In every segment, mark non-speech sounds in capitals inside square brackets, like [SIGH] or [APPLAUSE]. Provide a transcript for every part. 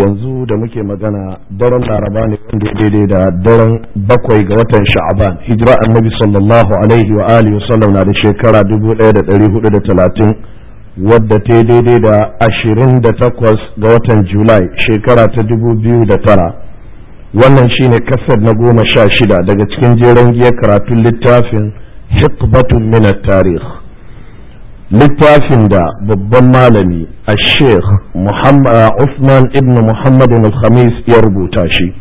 yanzu da muke magana daren laraba ne wanda daidai da daren bakwai ga watan sha'aban hijira annabi sallallahu alaihi wa alihi wa sallam na da shekara 1430 wadda ta daidai da 28 ga watan julai shekara ta 2009 wannan shine kasar na goma sha shida daga cikin jeren giyar karatun littafin hikbatun minat tarih littafin da babban malami a sheikh Usman uh, ibn Muhammad al-Khamis ya rubuta shi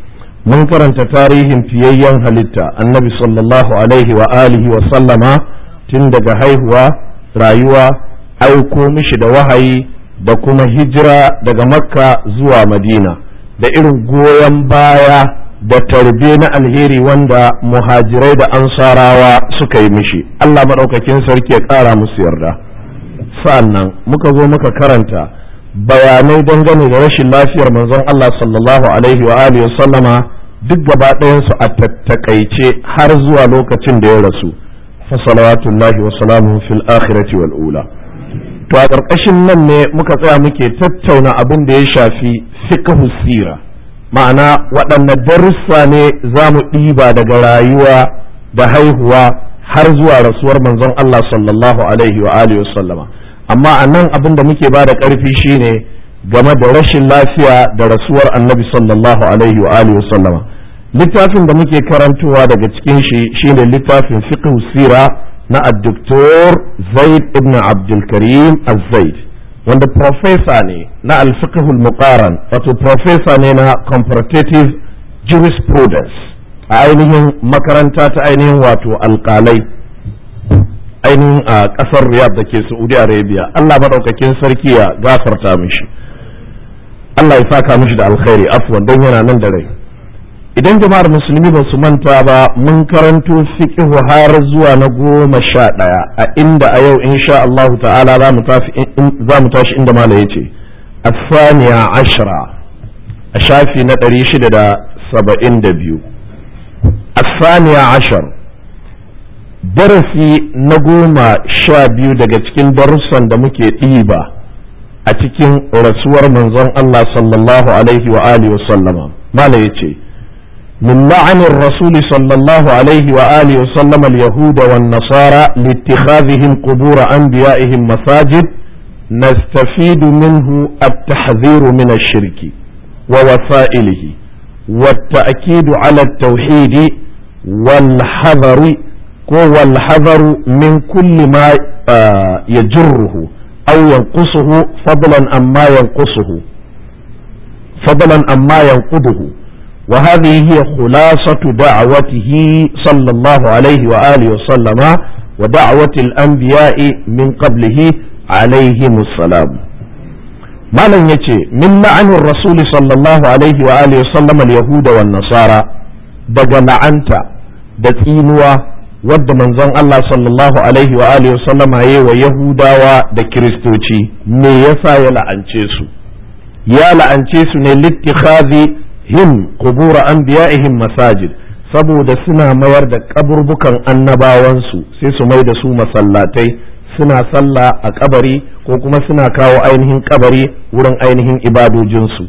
mun karanta tarihin fiyayyen halitta annabi sallallahu alaihi wa alihi wa sallama tun daga haihuwa rayuwa aiko mishi da wahayi da kuma hijira daga makka zuwa madina da irin goyon baya da tarbe na alheri wanda muhajirai da ansarawa suka yi mishi allah maɗaukakin sarki ya ƙara musu yarda sa'annan muka zo muka karanta bayanai dangane da rashin lafiyar manzon Allah sallallahu alaihi wa sallama duk gaba ɗayansu a tattakaice har zuwa lokacin da ya rasu fa wa salamuhu fil akhirati wal ula to a ƙarƙashin nan ne muka tsaya muke tattauna abin da ya shafi fiqhu sira ma'ana waɗanne darussa ne za mu ɗiba daga rayuwa da haihuwa har zuwa rasuwar manzon Allah sallallahu alaihi wa alihi wa sallama amma a nan abin da muke ba da ƙarfi shine game da rashin lafiya da rasuwar annabi sallallahu alaihi wa alihi sallama littafin da muke karantowa daga cikin shi shine littafin fiqh sira na ad Zaid ibn Abdul Karim Az-Zaid wanda profesa ne na al-fiqh al-muqaran wato professor ne na comparative jurisprudence a ainihin makaranta ta ainihin wato alƙalai ainihin a kasar riyadh da ke saudi arabia allah maɗaukakin sarki ya gafarta mishi allah ya ka mishi da alkhairi afwan don yana nan da rai idan jama'ar musulmi ba su manta ba mun karanto fiqhu har zuwa na goma sha ɗaya a inda a yau insha ta'ala za mu tashi inda mala ya ce asaniya ashira a shafi na ɗari shida da saba'in da biyu asaniya ashar darasi na goma sha biyu daga cikin darussan da muke ɗiba a cikin rasuwar manzon Allah sallallahu alaihi wa alihi wa sallama mala ce min la'anin rasul sallallahu alaihi wa alihi wa sallama yahuda wa nasara li ittikhadhihim qubur anbiya'ihim masajid na نستفيد shirki. wa من wa ووسائله والتأكيد tauhidi wal والحذر ko wal hadaru min kulli ma ah, ya jirruhu aw yanqusuhu fadlan amma yanqusuhu fadlan amma yanquduhu wa hadhihi hiya khulasatu da'watihi sallallahu alaihi wa alihi wa sallama wa da'wati al-anbiya'i min qablihi alaihimus salam malam ya ce min la'anin rasuli sallallahu alaihi wa alihi sallam al-yahuda wa nasara daga la'anta da tsinuwa wadda manzon Allah sallallahu alaihi wa alihi wasallama yayi wa Yahudawa da Kiristoci me yasa ya la'ance su ya la'ance su ne littikhadhi him qubur anbiya'ihim masajid saboda suna mayar da kaburbukan annabawansu sai su mai da su masallatai suna sallah a kabari ko kuma suna kawo ainihin kabari wurin ainihin ibadojinsu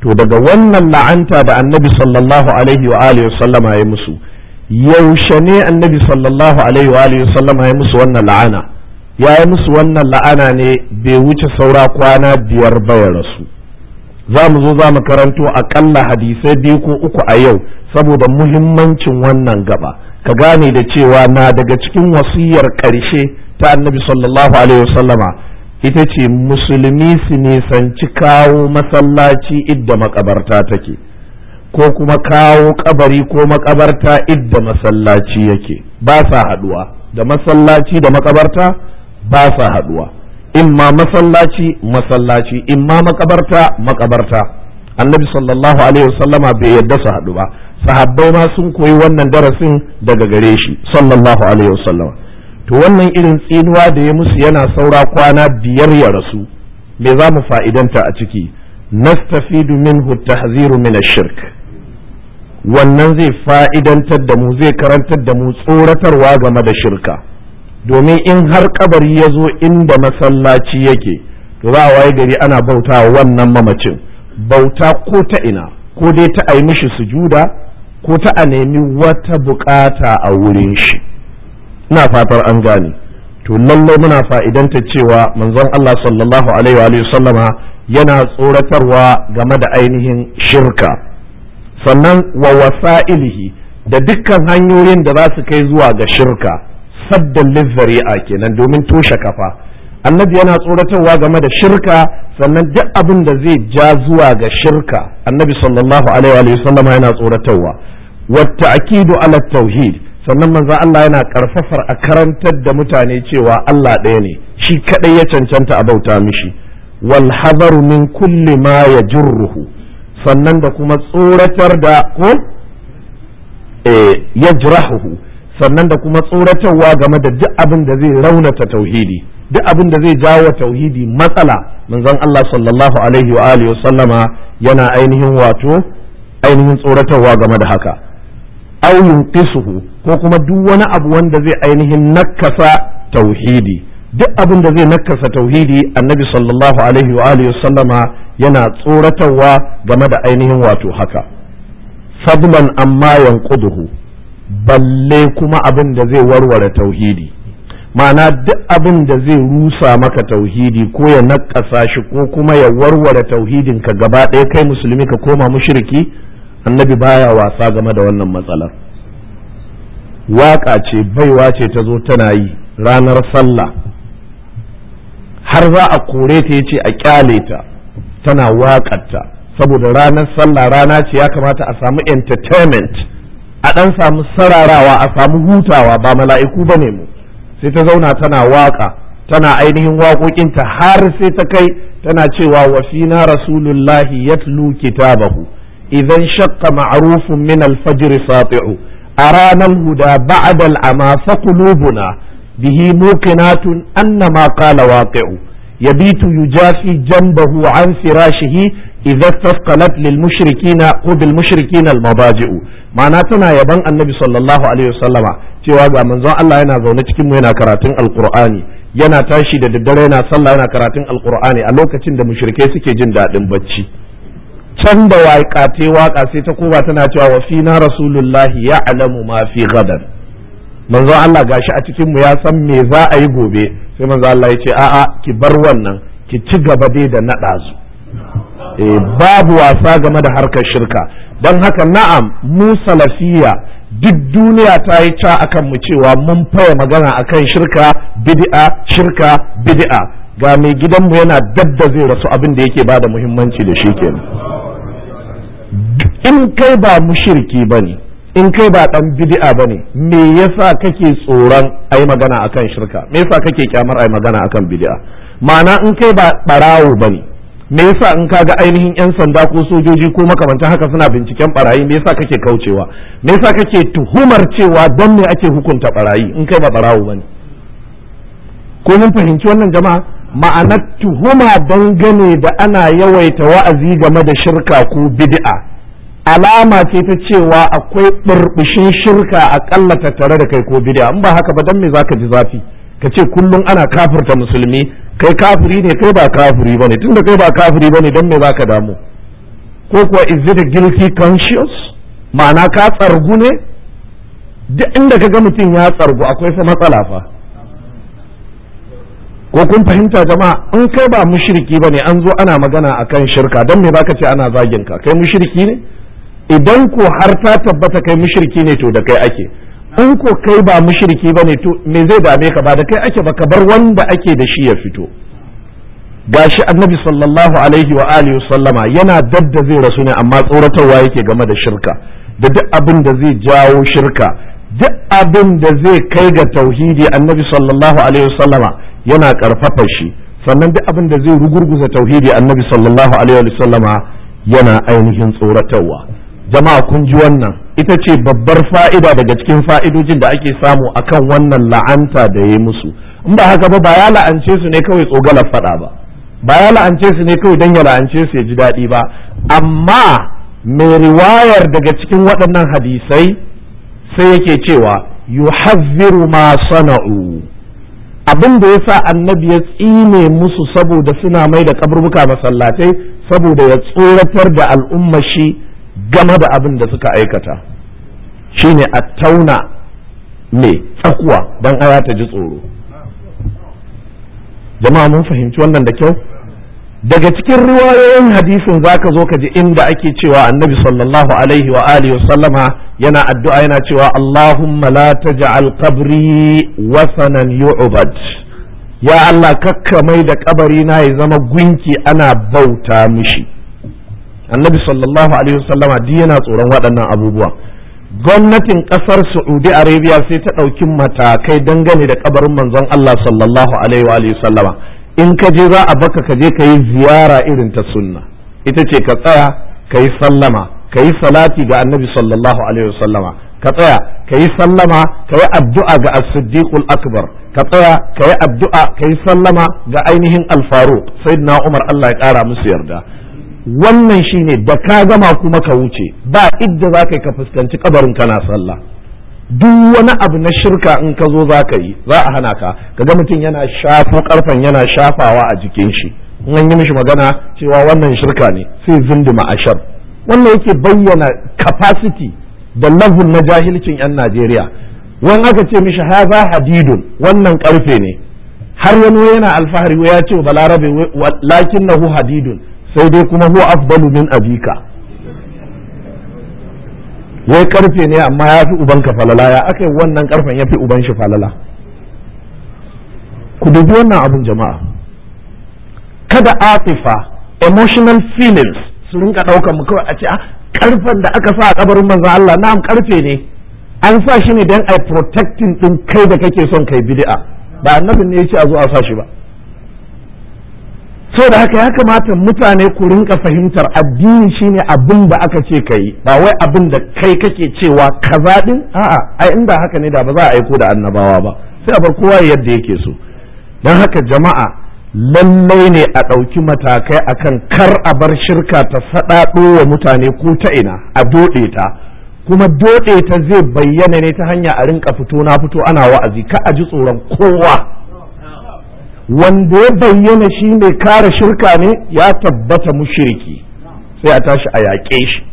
to daga wannan la'anta da annabi sallallahu alaihi wa alihi wasallama ya musu yaushe ne annabi sallallahu alaihi wa alihi sallama ya musu wannan la'ana ya yi musu wannan la'ana ne bai wuce saura kwana biyar ba ya rasu za mu zo za mu karanto akalla hadisai biyu ko uku a yau saboda muhimmancin wannan gaba ka gane da cewa na daga cikin wasiyar ƙarshe ta annabi sallallahu alaihi wasallama ita ce musulmi su nisanci kawo masallaci idda makabarta take ko kuma kawo kabari ko makabarta idda masallaci yake ba sa haduwa da masallaci da makabarta ba sa haduwa imma masallaci masallaci imma makabarta makabarta annabi sallallahu alaihi wasallama bai yadda su haɗu ba sahabbai ma sun koyi wannan darasin daga gare shi sallallahu alaihi wasallama to wannan irin tsinuwa da ya musu yana saura kwana biyar ya rasu me za mu fa'idanta a ciki nastafidu minhu tahziru min ash-shirk wannan zai fa'idantar da mu zai karantar da mu tsoratarwa game da shirka domin in har kabari ya zo inda masallaci yake to za a waye gari ana bauta wannan mamacin bauta ko ta ina ko dai ta a yi mishi sujuda ko ta a nemi wata bukata a wurin shi ina fatar an gane to lallai muna fa'idanta cewa manzon Allah sallallahu alaihi wa sallama yana tsoratarwa game da ainihin shirka sannan wa wasa'ilihi da dukkan hanyoyin da za su kai zuwa ga shirka saddan lizzari'a kenan domin toshe kafa annabi yana tsoratarwa game da shirka sannan duk abin da zai ja zuwa ga shirka annabi sallallahu alaihi wa sallam yana tsoratarwa wata akidu ala tauhid sannan manzo Allah yana karfafar a karantar da mutane cewa Allah ɗaya ne shi kadai ya cancanta a bauta mishi wal hadaru min kulli ma yajurruhu sannan da kuma tsoratar da ko eh, yajrahuhu sannan da kuma tsoratarwa game da duk abin da zai raunata tauhidi duk abin da zai jawo tauhidi matsala manzon Allah sallallahu alaihi wa alihi sallama yana ainihin wato ainihin tsoratarwa game da haka au yunqisuhu ko kuma duk wani abu wanda zai ainihin nakasa tauhidi duk abin da zai nakasa tauhidi annabi sallallahu alaihi wa alihi sallama yana tsoratarwa game da ainihin wato haka fadlan amma yanquduhu balle kuma abin da zai warware tauhidi ma'ana duk abin da zai rusa maka tauhidi ko ya nakasa shi ko kuma ya warware tauhidin ka gaba ɗaya kai musulmi ka koma mushriki annabi baya wasa game da wannan matsalar Waƙa ce baiwa ce ta zo tana yi ranar sallah har za a kore ta yace a kyale ta tana wakarta saboda ranar sallah rana ce ya kamata a samu entertainment a dan samu sararawa a samu hutawa ba mala'iku ba ne mu sai ta zauna tana waka tana ainihin waƙoƙinta har sai ta kai tana cewa wa fina rasulullahi yatlu kitabahu idan shakka ma'arufin min alfajr sati'u a ranar huda ba'dal ama fa qulubuna bihi muqinatun annama qala waqi'u yabitu yujafi janbahu an firashihi idza tasqalat lil mushrikina udil mushrikina al mabaji'u ma'ana tana yaban annabi sallallahu alaihi wasallama cewa ga manzon Allah yana zaune cikin mu yana karatun alqur'ani yana tashi da daddare yana sallah yana karatun alqur'ani a lokacin da mushirikai suke jin daɗin bacci can da waƙa te waƙa sai ta koma tana cewa wa fina rasulullahi ya'lamu ma fi gadan manzo Allah gashi a cikin mu ya san me za a yi gobe sai manzo Allah ya ce a'a ki bar wannan ki ci gaba dai da naɗa su e, babu wasa game da harkar shirka don haka na'am mu salafiya duk duniya ta yi ca akan mu cewa mun faya magana akan shirka bid'a shirka bid'a ga mai gidanmu yana dadda zai rasu abin da yake ba da muhimmanci da shi kenan in kai ba mushriki bane in kai ba dan bid'a bane me yasa kake tsoron ayi magana akan shirka me yasa kake kyamar ayi magana akan bid'a ma'ana in kai ba barawo bane me yasa in kaga ainihin yan sanda ko sojoji ko makamantan haka suna binciken barayi me yasa kake kaucewa me yasa kake tuhumar cewa don me ake hukunta barayi in kai ba barawo bane ko mun fahimci wannan jama'a ma'anar tuhuma dangane da ana yawaita wa'azi game da shirka ko bid'a alama ce ta cewa akwai burbushin shirka akalla tare da kai ko bid'a in ba haka ba dan me zaka ji zafi ka ce kullum ana kafirta musulmi kai kafiri ne kai ba kafiri bane tunda kai ba kafiri bane dan me zaka damu ko kuwa is it a guilty conscious ma'ana ka tsargu ne duk inda ka ga mutum ya tsargu akwai sa matsala fa ko kun fahimta jama'a in kai ba mushriki bane an zo ana magana akan shirka dan me baka ce ana zagin ka kai mushriki ne idan ko har ta tabbata kai mushriki ne to da kai ake in ko kai ba mushriki ba ne to me zai dame ka ba da kai ake ba ka bar wanda ake da shi ya fito gashi annabi sallallahu alaihi wa alihi sallama yana dadda zai rasu ne amma tsoratarwa yake game da shirka da duk abin da zai jawo shirka duk abin da zai kai ga tauhidi annabi sallallahu alaihi sallama yana karfafa shi sannan duk abin da zai rugurguza tauhidi annabi sallallahu alaihi sallama yana ainihin tsoratarwa jama'a kun ji wannan ita ce babbar fa'ida daga cikin fa'idojin da ake samu akan wannan la'anta da ya musu in ba haka ba ba ya la'ance su ne kawai tsogalar faɗa ba ba ya la'ance su ne kawai don ya la'ance su ya ji daɗi ba amma mai riwayar daga cikin waɗannan hadisai sai yake cewa yuhazziru ma sana'u abin da ya sa annabi ya tsine musu saboda suna mai da kaburbuka masallatai saboda ya tsoratar da al'umma shi game da abin da suka aikata shine a tauna mai tsakuwa don aya ta ji tsoro jama'a mun fahimci wannan da kyau daga cikin riwayoyin hadisin ka zo ka ji inda ake cewa annabi sallallahu alaihi wa alihi sallama yana addu'a yana cewa Allahumma la ja alkabri wasanan yu'bad ya Allah kakka mai da kabari na ya zama gunki ana bauta mishi annabi sallallahu alaihi wasallama duk yana tsoron waɗannan abubuwa gwamnatin ƙasar saudi arabia sai ta ɗauki matakai dangane da kabarin manzon allah sallallahu alaihi wa sallama in ka je za a baka ka je ka yi ziyara irin ta sunna ita ce ka tsaya ka yi sallama ka yi salati ga annabi sallallahu alaihi wasallama ka tsaya ka yi sallama ka yi addu'a ga as-siddiqul akbar ka tsaya ka yi addu'a ka yi sallama ga ainihin al-faruq sayyidina umar allah ya ƙara musu yarda wannan shi ne da ka gama kuma ka wuce ba idda za ka yi ka fuskanci kabarin kana sallah duk wani abu na shirka in ka zo za ka yi za a hana ka ka kaga mutum yana shafo karfen yana shafawa a jikin shi in an yi mishi magana cewa wannan shirka ne sai zinduma ashar wannan yake bayyana capacity da level na jahilcin yan Najeriya wani aka ce mishi haza hadidun wannan karfe ne har wani yana alfahari ya ce balarabe nahu hadidun sai dai kuma huwa afdalu min abika wai karfe ne amma ya fi ubanka falala ya aka wannan karfen ya fi uban shi falala ku dubi wannan abun jama'a kada atifa emotional feelings su rinka ɗaukar mu kawai a ce a ah, karfen da aka sa a kabarin manzan Allah na'am karfe ne an sa shi ne don a protecting din kai da kake son kai bid'a ba annabin ne ya ce a zo a sa shi ba so da haka ya kamata mutane ku rinka fahimtar addini shine abin da aka ce ka yi ba wai abin da kai kake cewa kaza din a'a ai da haka ne da ba za a aiko da annabawa ba sai a bar kowa yadda yake so don haka jama'a lallai ne a ɗauki matakai akan kar a bar shirka ta faɗaɗo wa mutane ko ta ina a doɗe ta kuma doɗe ta zai bayyana ne ta hanya a rinka fito na fito ana wa'azi ka a ji tsoron kowa wanda ya bayyana shi mai kare shirka ne ya tabbata mushriki sai a tashi a yaƙe shi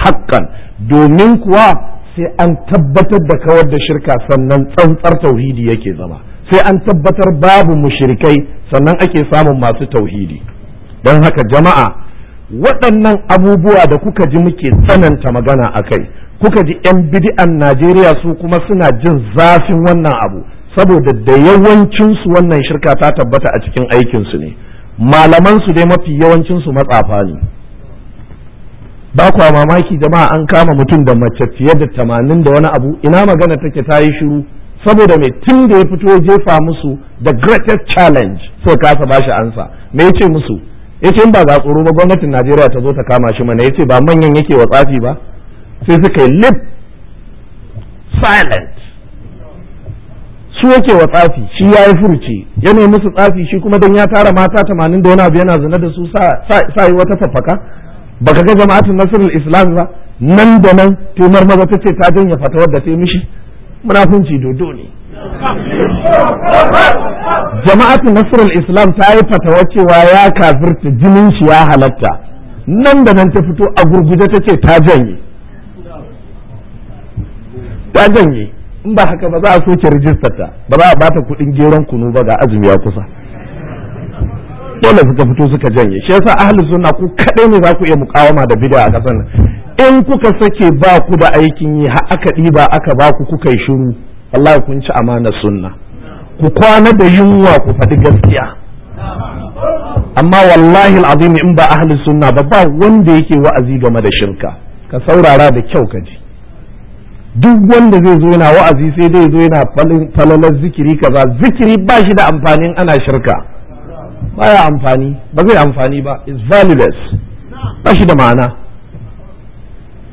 hakan domin kuwa sai an tabbatar da kawar da shirka sannan tsantsar tauhidi yake zama sai an tabbatar babu mushrikai sannan ake samun masu tauhidi don haka jama'a waɗannan abubuwa da kuka ji muke tsananta magana a kai kuka ji 'yan bidi'an najeriya su kuma suna jin zafin wannan abu saboda da yawancinsu wannan shirka ta tabbata a cikin aikinsu ne malamansu dai mafi yawancinsu matsafa ne ba kwa mamaki jama'a an kama mutum da mace fiye da tamanin da wani abu ina magana take ta yi shiru saboda mai tun da ya fito jefa musu the greatest challenge so kasa ba shi ansa me yace musu yace in ba za tsoro ba gwamnatin Najeriya ta zo ta kama shi mana yace ba manyan yake wa tsafi ba sai suka yi lip silent shi yake wa tsafi shi ya yi furuci ya nemi su tsafi shi kuma don ya tara mata tamanin da wani abu yana zina da su sa yi wata ba ka ga jama'atin nasirul islam ba nan da nan tumar maza ta ce ta janye fata wadda ta yi mishi munafunci dodo ne jama'atin nasirul islam ta yi fatawa cewa ya kafirta jinin shi ya halatta nan da nan ta fito a gurguje ta ce ta janye ta janye in ba haka ba za a soke rijistar ta ba za a bata kuɗin geron kunu ba ga azumi ya kusa dole suka fito suka janye shi yasa ahlus sunna ku kadai ne za ku iya mukawama da bid'a a kasan in kuka sake ba ku da aikin yi har aka ba aka ba ku kuka yi shiru wallahi kun ci amanar sunna ku kwana da yunwa ku faɗi gaskiya amma wallahi al'azim in ba ahlus sunna ba ba wanda yake wa'azi game da shirka ka saurara da kyau ka ji duk wanda zai zo yana wa'azi sai dai zo yana falalar zikiri kaza zikiri ba shi da amfanin ana shirka baya amfani ba zai amfani ba is valueless ba shi da ma'ana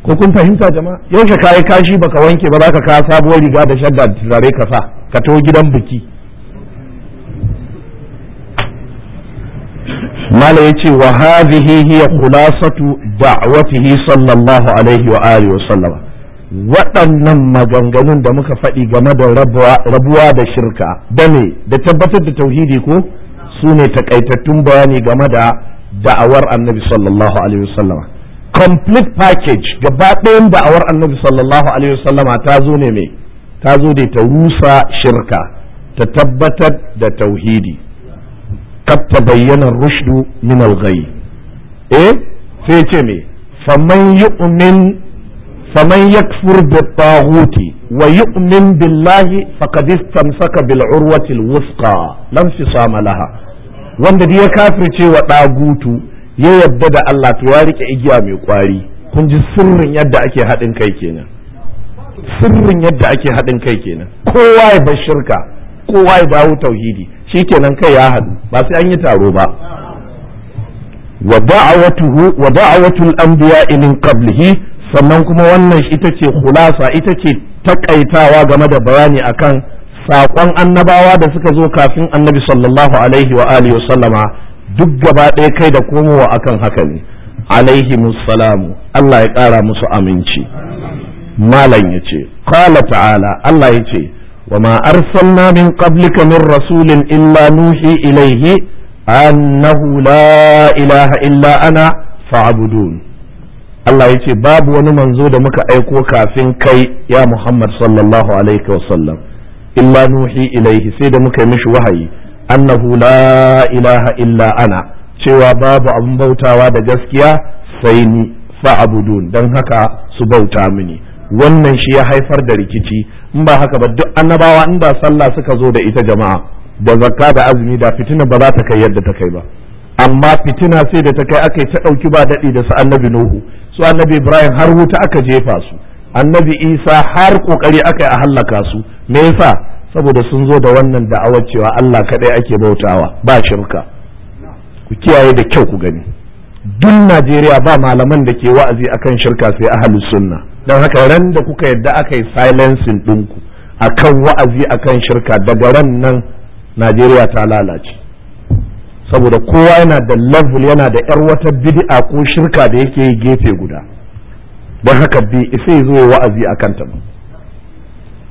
ko kun fahimta jama'a yaushe kayi kashi baka wanke ba zaka kawo sabuwar riga da shadda zare ka sa ka to gidan biki mala yace wa hadhihi hiya khulasatu da'watihi sallallahu alaihi wa alihi wa sallama waɗannan maganganun da muka faɗi game da rabuwa da shirka da ne da tabbatar da tauhidi ko su ne takaitattun bayani game da da'awar annabi sallallahu alaihi wasallama complete package gaba ɗayan da'awar annabi sallallahu alaihi wasallama ta zo ne me ta zo dai ta rusa shirka ta tabbatar da tauhidi kad bayyana rushdu min al eh sai ce me faman yu'min faman yakfur bi taghuti wa yu'min billahi faqad istamsaka bil urwati al wusqa lam fisama laha wanda da ya kafirce wa ɗagutu ya yadda da Allah to ya rike igiya mai kwari kun ji sirrin yadda ake haɗin kai kenan sirrin yadda ake haɗin kai kenan kowa ya shirka kowa ya dawo tauhidi shikenan kai ya haɗu ba sai an yi taro ba wa da'awatuhu wa da'awatul anbiya min qablihi sannan kuma wannan ita ce hulasa ita ce takaitawa game da bayani akan saƙon annabawa da suka zo kafin annabi sallallahu alaihi wa alihi wa sallama duk gaba ɗaya kai da komowa akan haka ne alaihi musalamu Allah ya ƙara musu aminci malam ya ce qala ta'ala Allah ya ce wa ma arsalna min qablika min rasulin illa nuhi ilaihi annahu la ilaha illa ana fa'budun Allah ya ce babu wani manzo da muka aiko kafin kai ya Muhammad sallallahu alaihi wasallam illa nuhi ilaihi sai da muka yi mishi wahayi annahu la ilaha illa ana cewa babu abin bautawa da gaskiya sai ni fa abudun dan haka su bauta mini wannan shi ya haifar da rikici in ba haka ba duk annabawa in ba sallah suka zo da ita jama'a da zakka da azumi da fitina ba za ta kai yadda ta kai ba amma fitina sai da ta kai aka yi ta ɗauki ba daɗi da su annabi nuhu su annabi ibrahim har wuta aka jefa su annabi isa har ƙoƙari aka yi a hallaka su me yasa saboda sun zo da wannan da'awar cewa allah kaɗai ake bautawa ba shirka ku kiyaye da kyau ku gani duk najeriya ba malaman da ke wa'azi akan shirka sai ahalu sunna don haka ran da kuka yadda aka yi silencing ɗinku akan wa'azi akan shirka daga ran nan najeriya ta lalace saboda kowa yana da level yana da yar wata bid'a ko shirka da yake yi gefe guda don haka bi, isa ya wa'azi a kanta ba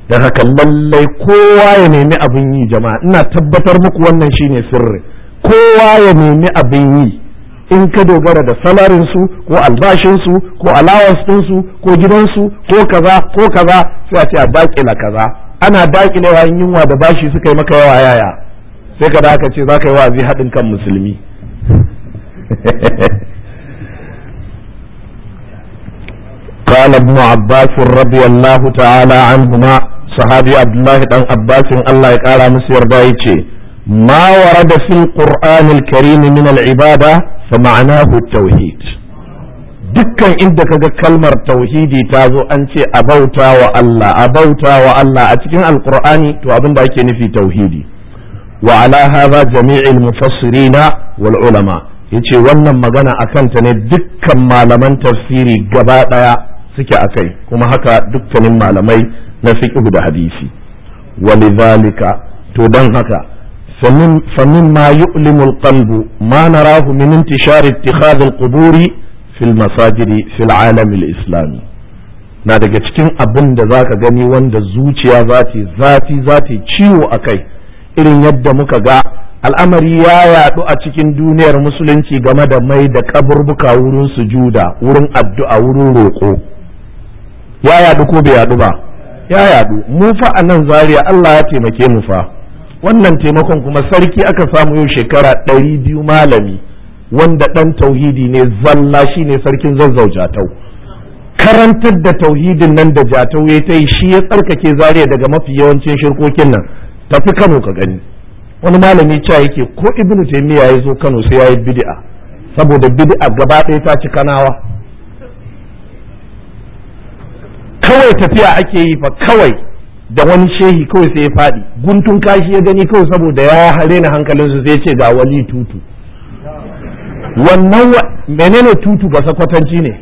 don haka lallai kowa ya nemi abin yi jama'a ina tabbatar muku wannan shine sirri kowa ya nemi abin yi in ka dogara da salarinsu ko albashinsu ko allowance ɗinsu ko gidansu ko kaza ko kaza sai a ce a dakila kaza ana dakilewa yunwa da bashi suka yi maka yawa yaya sai ka da ce za ka yi wa'azi haɗin kan musulmi قال ابن عباس رضي الله تعالى عنهما صحابي عبد الله بن عباس الله يقال مسير دايتشي ما ورد في القرآن الكريم من العبادة فمعناه التوحيد dukkan inda kaga kalmar tauhidi ta zo an ce bauta wa Allah abauta wa Allah a cikin alkur'ani to abin da ake nufi tauhidi wa ala hadha jami'il mufassirina wal'ulama yace wannan magana akanta ne dukkan malaman tafsiri gaba daya suke a kai kuma haka dukkanin malamai na fiqh da hadisi walidhalika to dan haka فمما يؤلم القلب ما mana من انتشار اتخاذ القبور في المساجد في العالم الإسلامي na daga cikin abin da za ka gani wanda zuciya za ta zafi za ciwo a kai irin yadda muka ga al'amari ya yadu a cikin duniyar musulunci game da mai da kaburbuka wurin sujuda wurin addu'a wurin roƙo ya yadu ko bai yadu ba ya yadu mu fa a nan zaria Allah ya taimake mu fa wannan taimakon kuma sarki aka samu yau shekara ɗari biyu malami wanda ɗan tauhidi ne zalla shi ne sarkin zazzau jatau karantar da tauhidin nan da jatau ya ta yi shi ya tsarkake zaria daga mafi yawancin shirkokin nan tafi Kano ka gani wani malami cewa yake ko ibn taymiya ya zo Kano sai yayi bid'a saboda bid'a gaba ɗaya ta ci kanawa kawai tafiya ake yi fa kawai da wani shehi kawai sai ya faɗi guntun kashi ya gani kawai saboda ya hare na hankalinsu sai ce ga wali tutu wannan menene tutu ba sakwatanci ne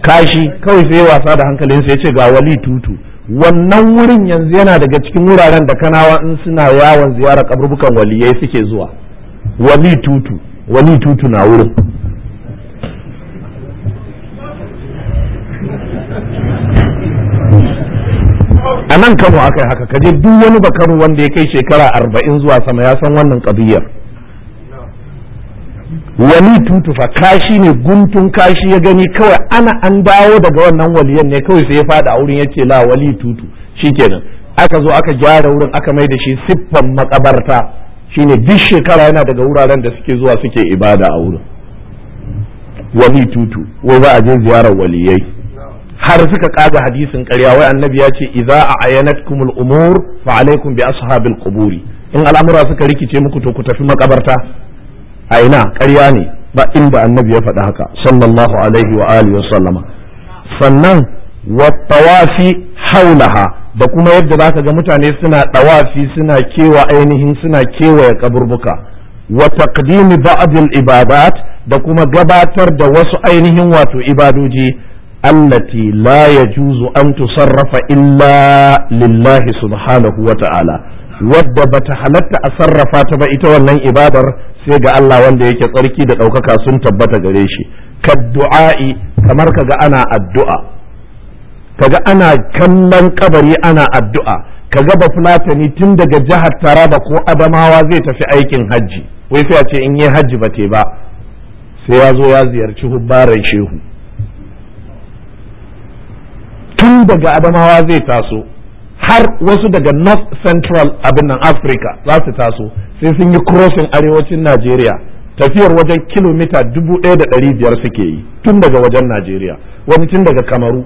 kashi kawai sai wasa da hankalinsu ya ce ga wali tutu wannan wurin yanzu yana daga cikin wuraren da kanawa in suna yawon ziyara kaburbukan waliyai suke zuwa wali tutu wali tutu na wurin a nan kano aka yi haka kaje duk wani bakaru wanda ya kai shekara arba'in zuwa sama ya san wannan kabiyar wali fa kashi ne guntun kashi ya gani kawai ana an dawo daga wannan waliyan ne kawai sai ya fada a wurin yace la wali tutu shikenan aka zo aka gyara wurin aka mai da shi siffan makabarta shine duk shekara yana daga wuraren da suke zuwa suke ibada a wurin wali tutu wai za a je ziyarar waliyai har suka kaga hadisin karya wai annabi ya ce idza kumul umur fa alaikum bi ashabil quburi in al'amura suka rikice muku to ku tafi makabarta a ina ƙarya ne ba ba annabi ya faɗi haka sallallahu alaihi wa alihi wa sallama sannan wa tawafi haulaha da kuma yadda zaka ga mutane suna tawafi suna kewa ainihin suna kewaye kaburbuka wa taqdimi ba'd ibadat da kuma gabatar da wasu ainihin wato ibadoji allati la yajuzu an tusarrafa illa lillahi subhanahu wa ta'ala wadda bata halatta a sarrafa ta ba ita wannan ibadar sai ga Allah wanda yake tsarki da ɗaukaka sun tabbata gare shi du'a'i kamar kaga ana addu'a kaga ana kallon kabari ana addu'a kaga ba fulatani tun daga jihar Taraba ko Adamawa zai tafi aikin hajji wai sai a ce in yi hajji ba te ba sai ya zo ya ziyarci hubbaran shehu tun daga Adamawa zai taso har wasu daga north central abin nan africa za su taso sai sun yi crossing arewacin najeriya tafiyar wajen kilomita dubu ɗaya da ɗari biyar suke yi tun daga wajen najeriya wani tun daga kamaru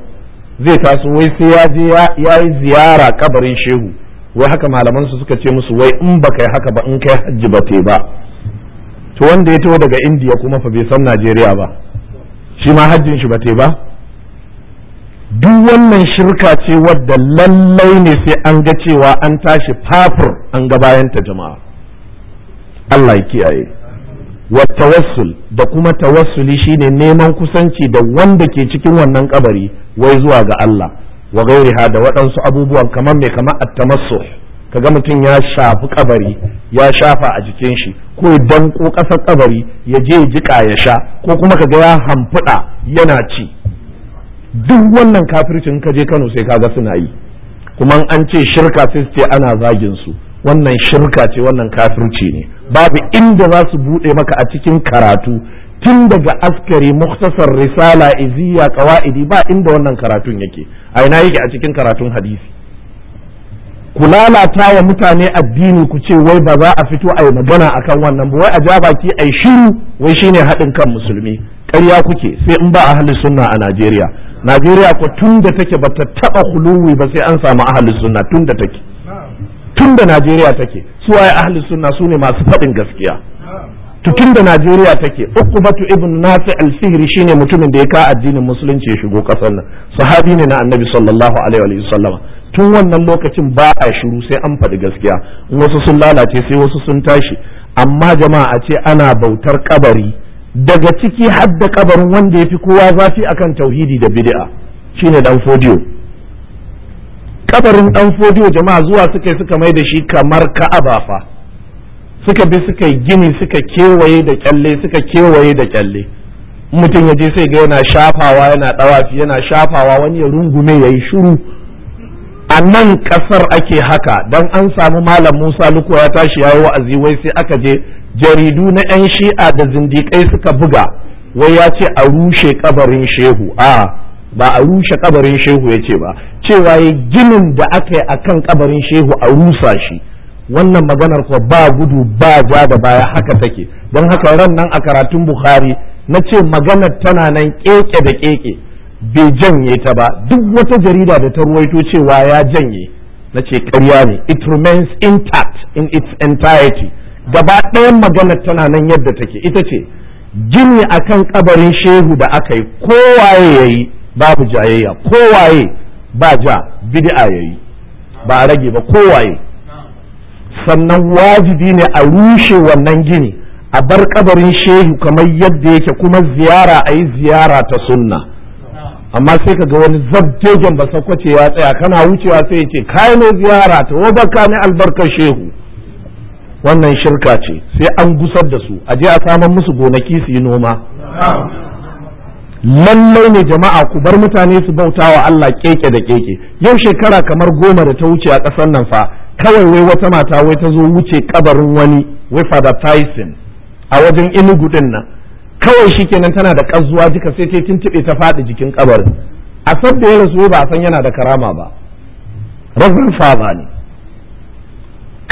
zai taso wai sai ya je ya yi ziyara kabarin shehu wai haka malaman su suka ce musu wai in ba kai haka ba in kai hajji ba te ba to wanda ya taho daga indiya kuma fa bai san najeriya ba shi ma hajjin shi ba te ba duk wannan shirka ce wadda lallai ne sai an ga cewa an tashi fafur an ga bayanta jama'a Allah ya kiyaye wa tawassul da kuma tawassuli shine neman kusanci da wanda ke cikin wannan kabari wai zuwa ga Allah wa gairiha da waɗansu abubuwan kamar mai kamar at tamassu kaga mutum ya shafi kabari ya shafa a jikin shi ko danko ƙasar kabari ya je jiƙa ya sha ko kuma kaga ya hamfuda yana ci duk wannan kafircin ka je Kano sai ka ga suna yi kuma an ce shirka sai ce ana zagin su wannan shirka ce wannan kafirci ne babu inda za su bude maka a cikin karatu tun daga askari muktasar risala iziya qawaidi ba inda wannan karatun yake a ina yake a cikin karatun hadisi ku lalata wa mutane addini ku ce wai ba za a fito a yi magana akan wannan ba wai a ja baki a yi shiru wai shine haɗin kan musulmi ƙarya kuke sai in ba a halin sunna a Najeriya najeriya ko tun da take ba ta taɓa huluwi ba sai an samu ahalin sunna tun da take tun da najeriya take su waye ahalin sunna su ne masu faɗin gaskiya tun da najeriya take ukubatu ibn nafi al-sihri shine mutumin da ya ka addinin musulunci ya shigo ƙasar nan sahabi ne na annabi sallallahu alaihi wa sallama tun wannan lokacin ba a shiru sai an faɗi gaskiya wasu sun lalace sai wasu sun tashi amma jama'a a ce ana bautar kabari daga ciki hadda kabarin wanda ya fi kowa zafi akan tauhidi da bid'a shine dan fodiyo kabarin dan fodiyo jama'a zuwa suka suka mai da shi kamar ka'aba fa suka bi suka yi gini suka kewaye da kyalle suka kewaye da kyalle mutum ya je sai ga yana shafawa yana dawafi yana shafawa wani ya rungume yayi yi shuru a nan kasar ake haka dan an samu malam musa luko ya tashi ya yi wa'azi wai sai aka je jaridu na 'yan shi'a da zindikai suka buga wai ya ce a rushe kabarin shehu a ba a rushe kabarin shehu ya ce ba cewa ya ginin da aka yi a kan kabarin shehu a rusa shi wannan maganar kuwa ba gudu ba ja da baya haka take don haka ran nan a karatun bukhari na ce maganar tana nan keke da keke bai janye ta ba duk wata jarida da ta ruwaito cewa ya janye na ce karya ne it remains intact in its entirety gaba ɗayan maganar tana nan yadda take ita ce gini akan ƙabarin shehu da aka yi kowaye ya yi babu jayayya kowaye ba ja bid'a ya yi ba a rage ba kowaye sannan wajibi ne a rushe wannan gini a bar ƙabarin shehu kamar yadda yake kuma ziyara a yi ziyara ta sunna amma sai ka ga wani zabjejen ba sakwace ya tsaya kana wucewa sai ya ce kai ziyara ta wadaka ne albarkar shehu wannan shirka ce sai an gusar da su a je a samar musu gonaki su yi noma lallai ne jama'a ku bar mutane su bauta wa Allah keke da keke yau shekara kamar goma da ta wuce a ƙasar nan fa kawai wai wata mata wai ta zo wuce kabarin wani wai father Tyson a wajen Enugu din nan kawai shi shikenan tana da kazuwa jika sai ta tuntube ta faɗi jikin kabarin a sabda ya rasu ba a san yana da karama ba Reverend Father ne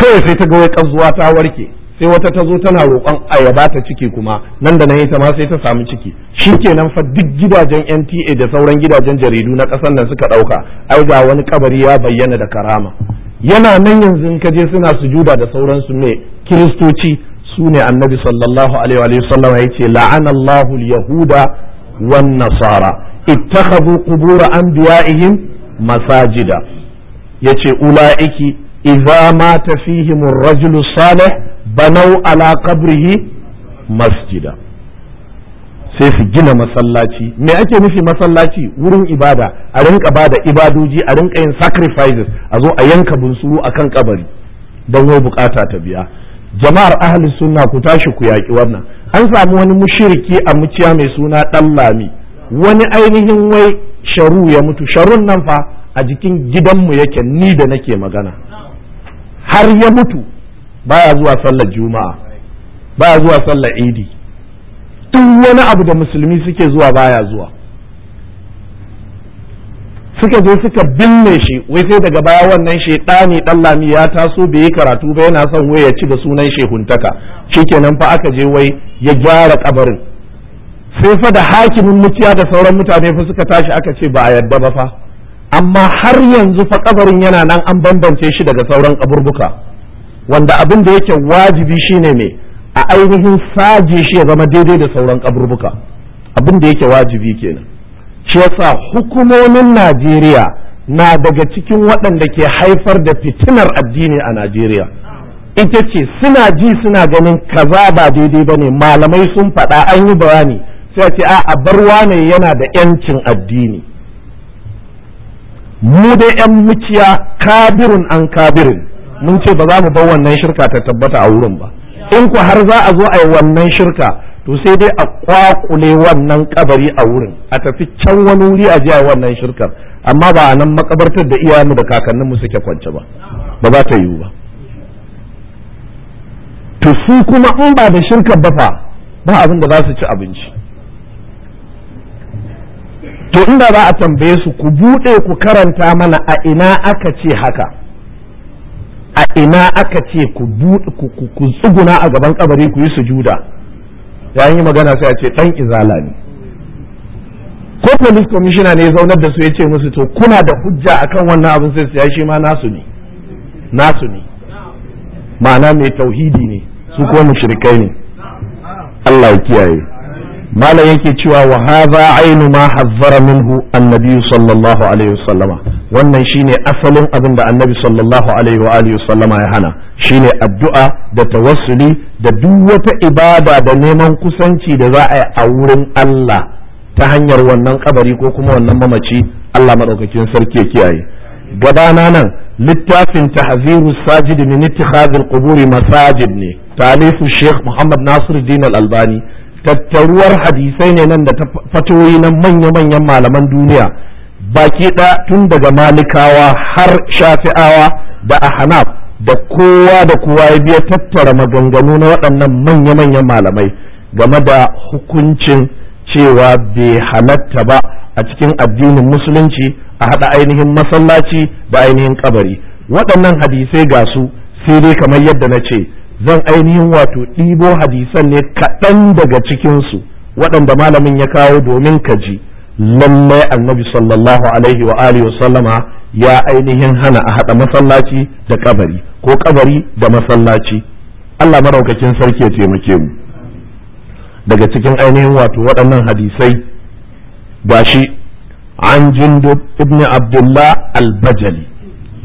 kawai sai ta ga wai zuwa ta warke sai wata ta zo tana roƙon ayaba ta ciki kuma nan da nan ita ma sai ta samu ciki shi kenan fa duk gidajen NTA da sauran gidajen jaridu na ƙasar nan suka ɗauka ai ga wani kabari ya bayyana da karama yana nan yanzu in ka suna sujuda da sauransu ne kiristoci su ne annabi sallallahu alaihi wa sallam ya ce la'anallahu yahuda wan nasara ittakhadhu qubur anbiya'ihim masajida yace ula'iki idza mata fihim ar-rajul salih banau ala qabrihi masjida sai su gina masallaci me ake nufi masallaci wurin ibada a rinka bada ibadoji a rinka yin sacrifices a zo a yanka bunsuru kan kabari don wai bukata ta biya jama'ar ahli sunna ku tashi ku yaki wannan an samu wani mushiriki a muciya mai suna dan lami wani ainihin wai sharu ya mutu sharun nan fa a jikin gidanmu yake ni da nake magana har ya mutu baya zuwa sallar juma'a baya zuwa sallar idi duk wani abu da musulmi suke zuwa baya zuwa suka zo suka binne shi wai sai daga baya wannan shaidani ɗan lami ya taso bai yi karatu ba yana son wai ya ci da sunan shehuntaka shikenan fa aka je wai ya gyara kabarin sai fa da hakimin muciya da sauran mutane fa suka tashi aka ce ba a yadda ba fa amma har yanzu fa kabarin yana nan an bambance shi daga sauran kaburbuka wanda abin da yake wajibi shine ne a ainihin saje shi ya zama daidai da sauran kaburbuka abin da yake wajibi kenan shi yasa hukumomin Najeriya na daga cikin waɗanda ke haifar da fitinar addini a Najeriya ita ce suna ji suna ganin kaza ba daidai bane malamai sun faɗa an yi bayani sai a ce a bar wane yana da 'yancin addini mu dai yan muciya kabirin an kabirin mun ce ba za mu bar wannan shirka ta tabbata a wurin ba in ku har za a zo a yi wannan shirka to sai dai a kwakule wannan kabari a wurin a tafi can wani wuri a jiya wannan shirkar amma ba a nan makabartar da iyayenmu da kakannin kakanninmu suke kwance ba ba za ta yiwu ba to su kuma in ba da shirkar ba fa ba abin da za su ci abinci to inda za a tambaye su ku buɗe ku karanta mana a ina aka ce haka a ina aka ce ku tsuguna a gaban kabari ku yi sujuda yayin yi magana sai a ce ɗan izala ne ko police commissioner ne ya zaunar da su ya ce musu to kuna da hujja akan wannan abin sai ya shi ma nasu ne nasu ne ma'ana mai tauhidi ne su ko mushrikai ne Allah ya kiyaye malam yake cewa wa hadha ainu ma hazzara minhu annabi sallallahu alaihi wasallama wannan shine asalin abin da annabi sallallahu alaihi wa alihi wasallama ya hana shine addu'a da tawassuli da duk wata ibada da neman kusanci da za a yi a wurin Allah ta hanyar wannan kabari ko kuma wannan mamaci Allah madaukakin sarki ya kiyaye gabana nan littafin tahziru sajid min ittikhadhi al-quburi masajid ne talifu sheikh muhammad nasiruddin al-albani tattaruwar hadisai ne nan da ta fatoyi na manya-manyan malaman duniya baki ɗaya tun daga malikawa har shafi'awa da ahanaf da kowa da kowa ya biya tattara maganganu na waɗannan manya-manyan malamai game da hukuncin cewa bai halatta ba a cikin addinin musulunci a haɗa ainihin masallaci da ainihin kabari waɗannan hadisai ga su sai dai kamar yadda na ce zan ainihin wato ɗibo hadisan ne kaɗan daga cikinsu waɗanda malamin ya kawo domin ka ji lallai annabi sallallahu alaihi wa alihi sallama ya ainihin hana a haɗa masallaci da kabari ko kabari da masallaci Allah maraukakin sarki ya taimake mu daga cikin ainihin wato waɗannan hadisai ga shi an jindub ibn abdullah al-bajali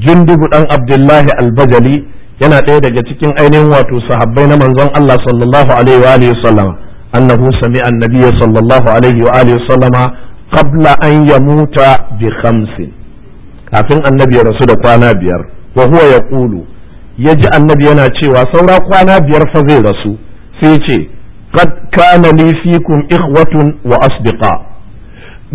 jindub dan abdullahi al-bajali yana ɗaya daga cikin ainihin wato sahabbai na manzon Allah sallallahu alaihi wa alihi sallama annahu sami annabi sallallahu alaihi wa alihi sallama qabla an yamuta bi khamsin kafin annabi ya rasu da kwana biyar wa huwa yaqulu yaji annabi yana cewa saura kwana biyar fa zai rasu sai ya ce qad kana li fikum ikhwatun wa asdiqa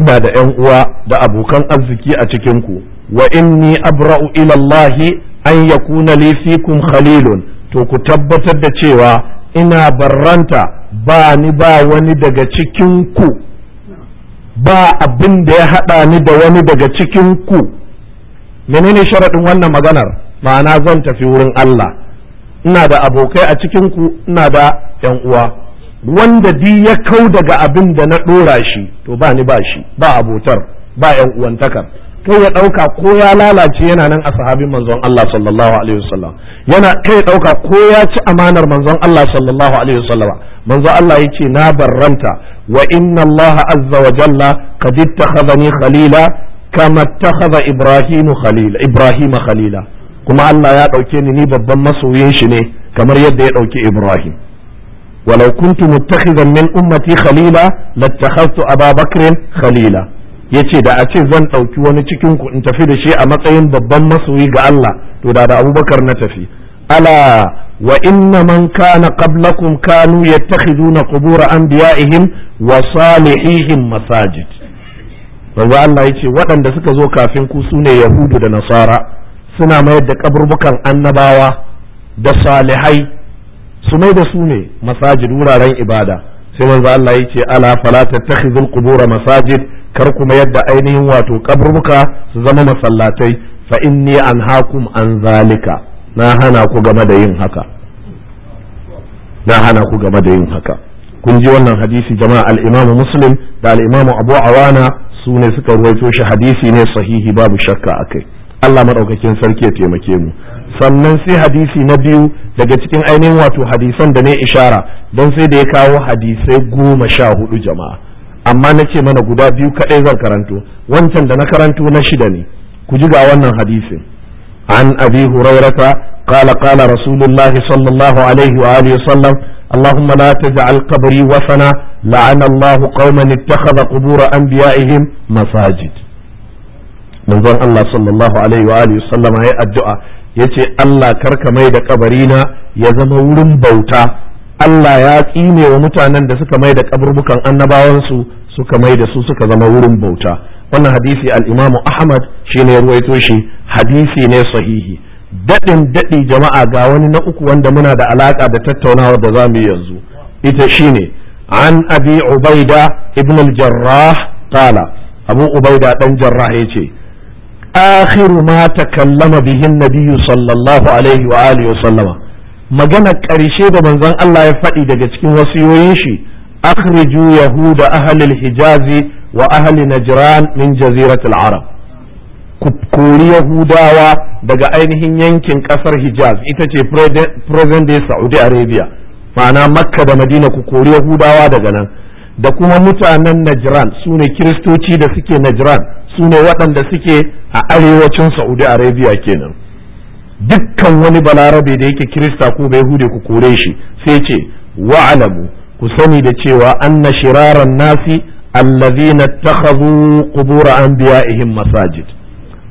ina da ƴan uwa da abokan arziki a cikin ku wa inni abra'u ila Allahi an yakuna li fikum khalilun to ku tabbatar da cewa ina barranta ba ni ba wani daga cikin ba abin da ya haɗa ni da wani daga cikin ku menene sharaɗin wannan maganar ma'ana zan tafi wurin Allah ina da abokai a cikin ku ina da yan uwa wanda di ya kau daga abin da na ɗora shi to ba ni ba shi ba abotar ba yan uwantakar kai ya ɗauka ko ya lalace yana nan a sahabin manzon Allah sallallahu alaihi wasallam yana kai ya ɗauka ko ya ci amanar manzon Allah sallallahu alaihi wasallam manzon Allah ya ce na barranta wa inna Allah azza wa jalla qad ittakhadhani khalila kama ittakhadha Ibrahim khalila Ibrahim khalila kuma Allah ya ɗauke ni ni babban masoyin shi ne kamar yadda ya ɗauki Ibrahim ولو كنت متخذا من أمتي خليلا لاتخذت أبا بكر خليلا ya ce da a ce zan ɗauki wani cikin ku in tafi da shi a matsayin babban masoyi ga Allah to da da abubakar na tafi ala wa inna man kana qablakum kanu yattakhiduna qubur anbiya'ihim wa salihihim masajid manzo Allah yace waɗanda suka zo kafin ku sune yahudu da nasara suna mayar da kaburbukan annabawa da salihai su mai da su ne masajid wuraren ibada sai manzo Allah yace ala fala tattakhidul kubura masajid kar kuma yadda ainihin wato kaburbuka su zama masallatai fa inni an hakum an zalika na hana ku game da yin haka na hana ku game da yin haka kun ji wannan hadisi jama'a al-Imam Muslim da al-Imam Abu Awana su ne suka ruwaito shi hadisi ne sahihi babu shakka akai Allah madaukakin sarki ya taimake mu sannan sai hadisi na biyu daga cikin ainihin wato hadisan da ne ishara don sai da ya kawo hadisai goma sha hudu jama'a amma na ce mana guda biyu kaɗai zan karantu wancan da na karanto na shida ne ku ji ga wannan hadisin. an abi hurairata qala qala rasulullahi sallallahu alaihi wa alihi sallam allahumma la taj'al qabri wasana la'ana allah qauman ittakhadha qubur anbiya'ihim masajid manzon allah sallallahu alaihi wa sallam ya yi addu'a yace allah karka mai da kabarina ya zama wurin bauta Allah ya tsine wa mutanen da suka mai da kaburbukan annabawansu suka mai da su suka zama wurin bauta wannan hadisi al-Imam Ahmad shine ya ruwaito shi hadisi ne sahihi dadin dadi jama'a ga wani na uku wanda muna da alaka da tattaunawa da zamu yi yanzu ita shine an abi ubaida ibn al-jarrah qala abu ubaida dan jarrah yace akhiru ma takallama bihi an-nabiy sallallahu alaihi wa alihi wa sallama magana ƙarshe da manzon Allah ya faɗi daga cikin wasiyoyin shi akhriju yahuda ahlil hijazi wa ahli najran min jaziratul arab ku kori yahudawa daga ainihin yankin kasar hijaz ita ce present day saudi arabia ma'ana makka da madina ku kori yahudawa daga nan da kuma mutanen najran su ne kiristoci da suke najran su ne waɗanda suke a arewacin saudi arabia kenan dukkan wani balarabe da yake kirista ko bai hude ku kore shi sai ce wa'alamu ku sani da cewa anna shiraran nasi allazina takhadhu qubur anbiya'ihim masajid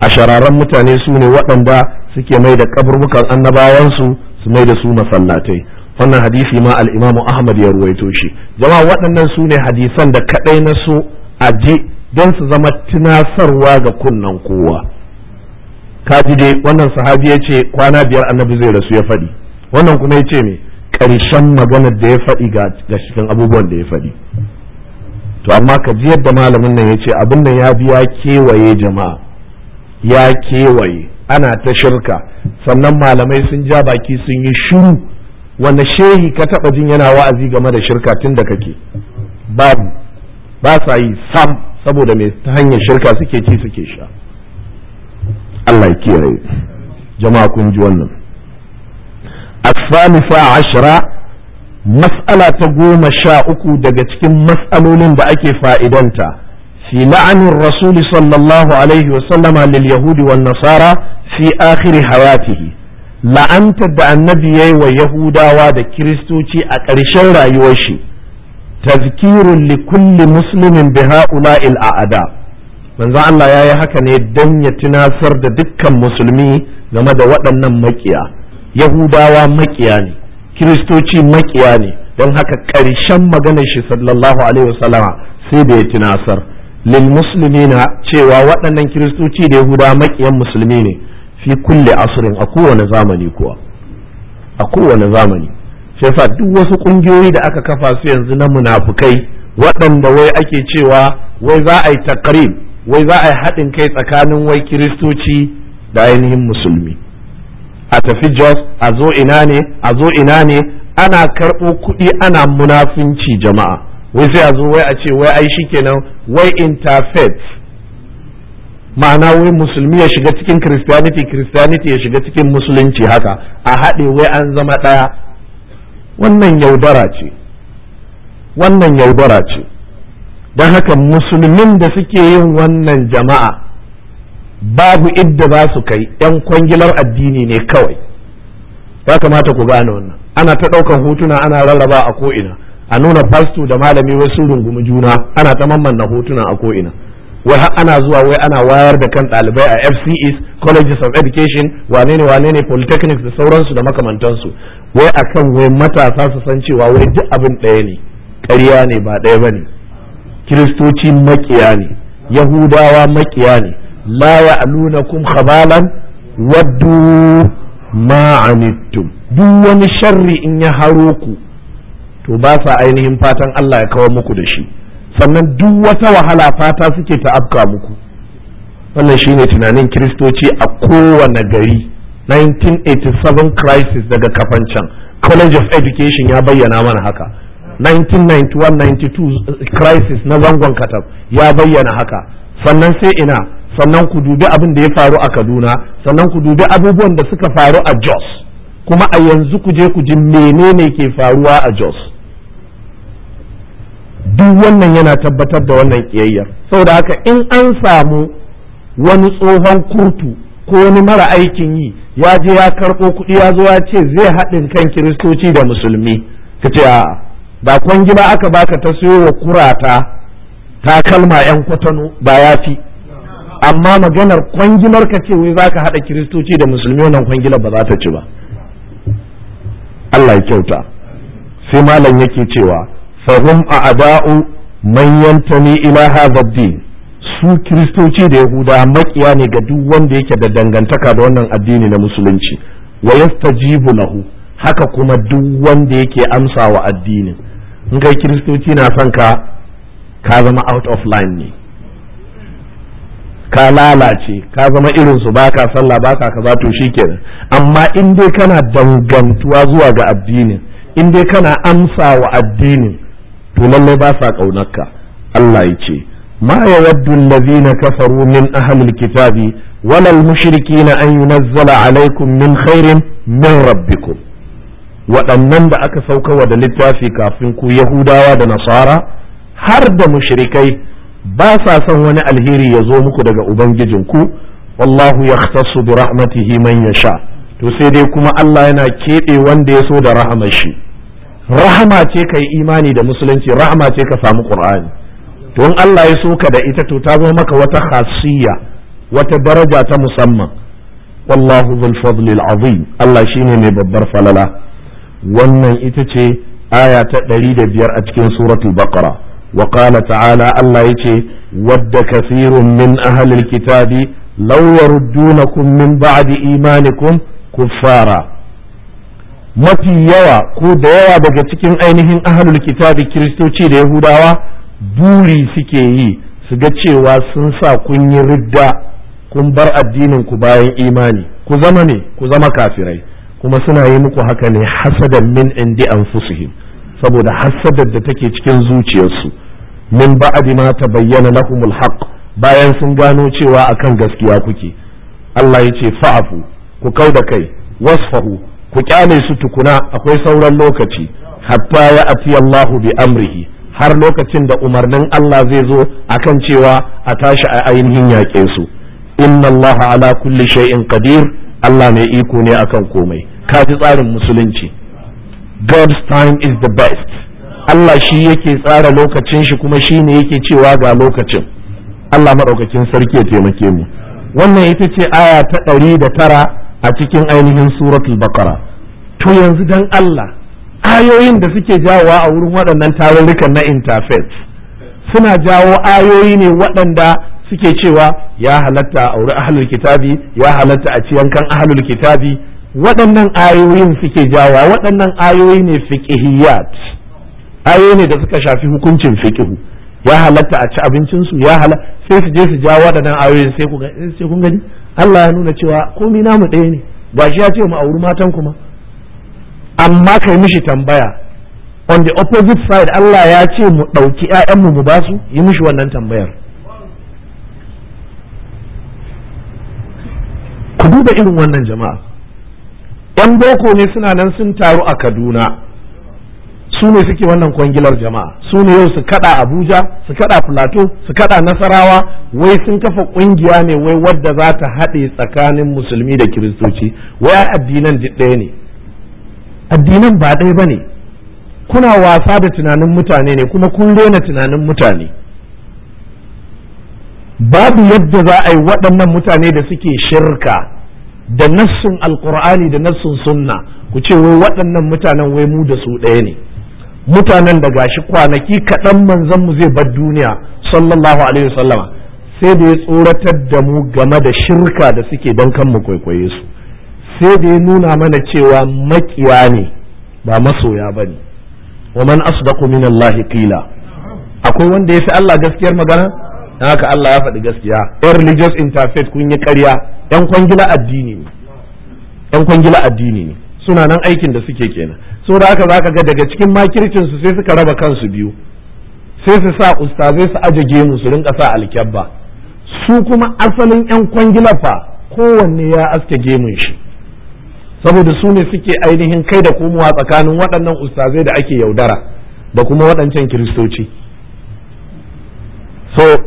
a shararan mutane su ne waɗanda suke mai da kaburbukan annabawansu su mai da su masallatai wannan hadisi ma al-imam Ahmad ya ruwaito shi jama'a waɗannan su ne hadisan da kadai na su aji don su zama tunasarwa ga kunnan kowa kaji dai wannan sahabi ya ce kwana biyar annabi zai rasu ya faɗi wannan kuma ya ce me ƙarshen maganar da ya faɗi ga cikin abubuwan da ya faɗi to amma ka ji yadda malamin nan ya ce abin nan ya bi ya kewaye jama'a ya kewaye ana ta shirka sannan malamai sun ja baki sun yi shiru wanda shehi ka taɓa jin yana wa'azi game da shirka tun da kake babu ba sa yi sam saboda mai ta hanyar shirka suke ci suke sha Allah ya kiyaye jama'a kun ji wannan asalisa ashira mas'ala ta goma sha uku daga cikin mas'alolin da ake fa'idanta fi la'anin rasuli sallallahu alaihi wasallama lil yahudi wan nasara fi akhiri hayatihi la'antar da annabi yayi wa yahudawa da kiristoci a ƙarshen rayuwar shi tazkirun li kulli muslimin bi ha'ula'il a'ada manzo Allah ya yi haka ne don ya tunasar da dukkan musulmi game da waɗannan makiya yahudawa makiya ne kiristoci makiya ne don haka ƙarshen maganar shi sallallahu alaihi wasallama sai da ya tunasar lil muslimina cewa waɗannan kiristoci da yahudawa makiyan musulmi ne fi kulle asirin a kowane zamani kuwa a kowane zamani sai duk wasu ƙungiyoyi da aka kafa su yanzu na munafukai waɗanda wai ake cewa wai za a yi takrib wai za a yi haɗin kai tsakanin wai kiristoci da ainihin musulmi a tafi jos a zo ina ne a zo ina ne ana karɓo kuɗi ana munafunci jama'a wai sai a zo wai a ce wai ai shikenan wai interfaith ma'ana wai musulmi ya shiga cikin christianity christianity ya shiga cikin musulunci haka a haɗe wai an zama ɗaya wannan yaudara ce wannan yaudara ce don haka musulmin da suke yin wannan jama'a babu idda ba su kai 'yan kwangilar addini ne kawai ya kamata ku gane wannan ana ta ɗaukan hotuna ana rarraba a ko'ina a nuna fasto da malami wai wasu rungumi juna ana ta mammanna hotuna a ko'ina wai ana zuwa wai ana wayar da kan ɗalibai a fces colleges of education wane ne wane ne polytechnics da sauransu da makamantansu wai akan wai matasa su san cewa wai duk abin ɗaya ne ƙarya ne ba ɗaya ba ne kiristoci makiya ne yahudawa makiya ne la kum khabalan waddu ma anittum duk wani sharri in ya haro ku to ba sa ainihin fatan Allah ya kawo muku da shi sannan duk wata wahala fata suke ta afka muku wannan shine tunanin kiristoci a kowane gari 1987 crisis daga kafancan college of education ya bayyana mana haka 1991-92 uh, crisis na zangon katab ya bayyana haka sannan sai ina sannan ku dubi abin da ya faru a kaduna sannan ku dubi abubuwan da suka faru a jos kuma a yanzu ku je ku ji menene ke faruwa a jos duk wannan yana tabbatar da wannan kiyayyar saboda haka in an samu wani tsohon kurtu ko wani mara aikin yi ya je ya karɓo kuɗi ya zo ya ce zai haɗin kan kiristoci da musulmi ka ce a. ba kwangila aka baka ta sayo wa kurata ta kalma yan kwatano ba ya fi amma maganar kwangilar ka ce wai zaka haɗa kiristoci da musulmi wannan kwangilar ba za ta ci ba Allah ya kyauta sai malam yake cewa fahum a ada'u man yantami ila hadha su kiristoci da yahuda makiya ne ga duk wanda yake da dangantaka da wannan addini na musulunci wa yastajibu lahu haka kuma duk wanda yake amsa wa addinin in kai kiristoci na son ka ka zama out of line ne ka lalace ka zama irinsu ba ka sallah ba ka kaza to shikenan amma in dai kana dangantuwa zuwa ga addinin in dai kana amsa wa addinin to lallai ba sa ƙaunarka Allah ya ce ma waddu allazina kafaru min ahlil kitabi wala al mushrikina an yunazzala alaikum min khairin min rabbikum waɗannan da aka saukawa da littafi kafin ku yahudawa da nasara har da mushrikai ba sa son wani alheri ya zo muku daga ubangijinku wallahu ya bi rahmatihi man yasha to sai dai kuma Allah yana keɓe wanda ya so da rahamar shi rahama ce ka yi imani da musulunci rahama ce ka samu qur'ani to in Allah ya so ka da ita to ta zo maka wata khasiyya wata daraja ta musamman wallahu zul fadlil azim Allah shine mai babbar falala wannan ita ce aya ta ɗari da biyar a cikin suratul baqara wa qala ta'ala Allah yace wadda kathirun min ahlil kitabi law dunakun min ba'di imanikum kuffara mafi yawa ko da yawa daga cikin ainihin ahlul kitabi kiristoci da yahudawa buri suke yi su ga cewa sun sa kun yi ridda kun bar addinin ku bayan imani ku zama ne ku zama kafirai kuma suna yi muku haka ne hasadan min indi anfusihim saboda hasadar da take cikin zuciyarsu min ba'di ma ta tabayyana lahumul haqq bayan sun gano cewa akan gaskiya kuke Allah yace ce fa'afu ku kau da kai wasfahu ku kyale su tukuna akwai sauran lokaci hatta ya ati Allahu bi amrihi har lokacin da umarnin Allah zai zo akan cewa a tashi a ainihin yaƙe su inna Allah ala kulli shay'in qadir Allah mai iko ne akan komai ka ji tsarin musulunci God's time is the best Allah shi yake tsara lokacin shi kuma shi ne yake cewa ga lokacin Allah maɗaukakin sarki ya taimake mu wannan ita ce aya ta ɗari da tara a cikin ainihin suratul bakara to yanzu dan Allah ayoyin da suke jawowa a wurin waɗannan tarurrukan na interfaith suna jawo ayoyi ne waɗanda suke cewa ya halatta a auri ahlul kitabi ya halatta a ci yankan ahlul kitabi waɗannan ayoyin suke jawa waɗannan ayoyi ne fiqhiyat ayoyi ne da suka shafi hukuncin fiqhu ya halatta a ci abincin su ya hala sai su je su jawa waɗannan ayoyin sai ku sai kun gani Allah ya nuna cewa komai namu ɗaya ne ba shi ya ce mu auri matan kuma amma kai mishi tambaya on the opposite side Allah ya ce mu ɗauki ‘ya'yanmu mu basu yi mishi wannan tambayar duba irin wannan jama'a yan boko ne suna nan sun taru a kaduna su ne suke wannan kwangilar jama'a su ne yau su kaɗa abuja su kaɗa plateau su kada nasarawa wai sun kafa ƙungiya ne wai wadda za ta haɗe tsakanin musulmi da kiristoci wai addinan ɗaya ne addinan ba ɗaya ba ne kuna wasa da tunanin mutane ne kuma kun rena tunanin mutane babu yadda za a yi waɗannan mutane da suke shirka da nassun alkur'ani da nassun sunna ku ce wai waɗannan mutanen wai mu da su ɗaya ne mutanen da gashi kwanaki kaɗan manzon mu zai bar duniya sallallahu alaihi wasallama sai da ya tsoratar da mu game da shirka da suke don kan mu kwaikwaye su sai da ya nuna mana cewa makiya ne ba masoya ba ne wa man asdaqu min allahi qila akwai wanda ya fi Allah gaskiyar magana haka Allah ya faɗi gaskiya religious interfaith kun yi ƙarya yan kwangila addini ne yan kwangila addini ne suna nan aikin da suke kenan so da haka zaka ga daga cikin makircin su sai suka raba kansu biyu sai su sa ustazai su aje gemu su rinka sa alkyabba su kuma asalin yan kwangila fa kowanne ya aske gemun shi saboda su ne suke ainihin kai da komowa tsakanin waɗannan ustazai da ake yaudara da kuma waɗancan kiristoci so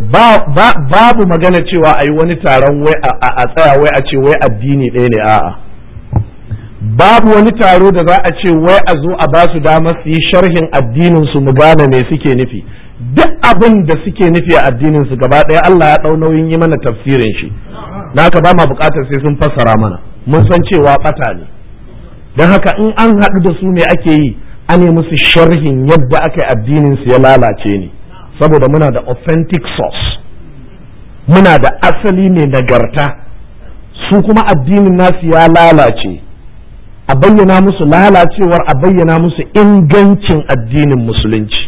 babu magana cewa a yi wani taron wai a tsaya wai a ce wai addini ɗaya ne a'a babu wani taro da za a ce wai a zo a basu damar su yi sharhin addinin su mu gane me suke nufi duk abin da suke nufi a addinin su gaba ɗaya Allah ya ɗau nauyin yi mana tafsirin shi na ka ba ma buƙatar sai sun fassara mana mun san cewa bata ne don haka in an haɗu da su ne ake yi a nemi musu sharhin yadda aka yi addinin su ya lalace ne saboda muna da authentic source muna da asali ne nagarta su kuma addinin nasu ya lalace a bayyana musu lalacewar a bayyana musu ingancin addinin musulunci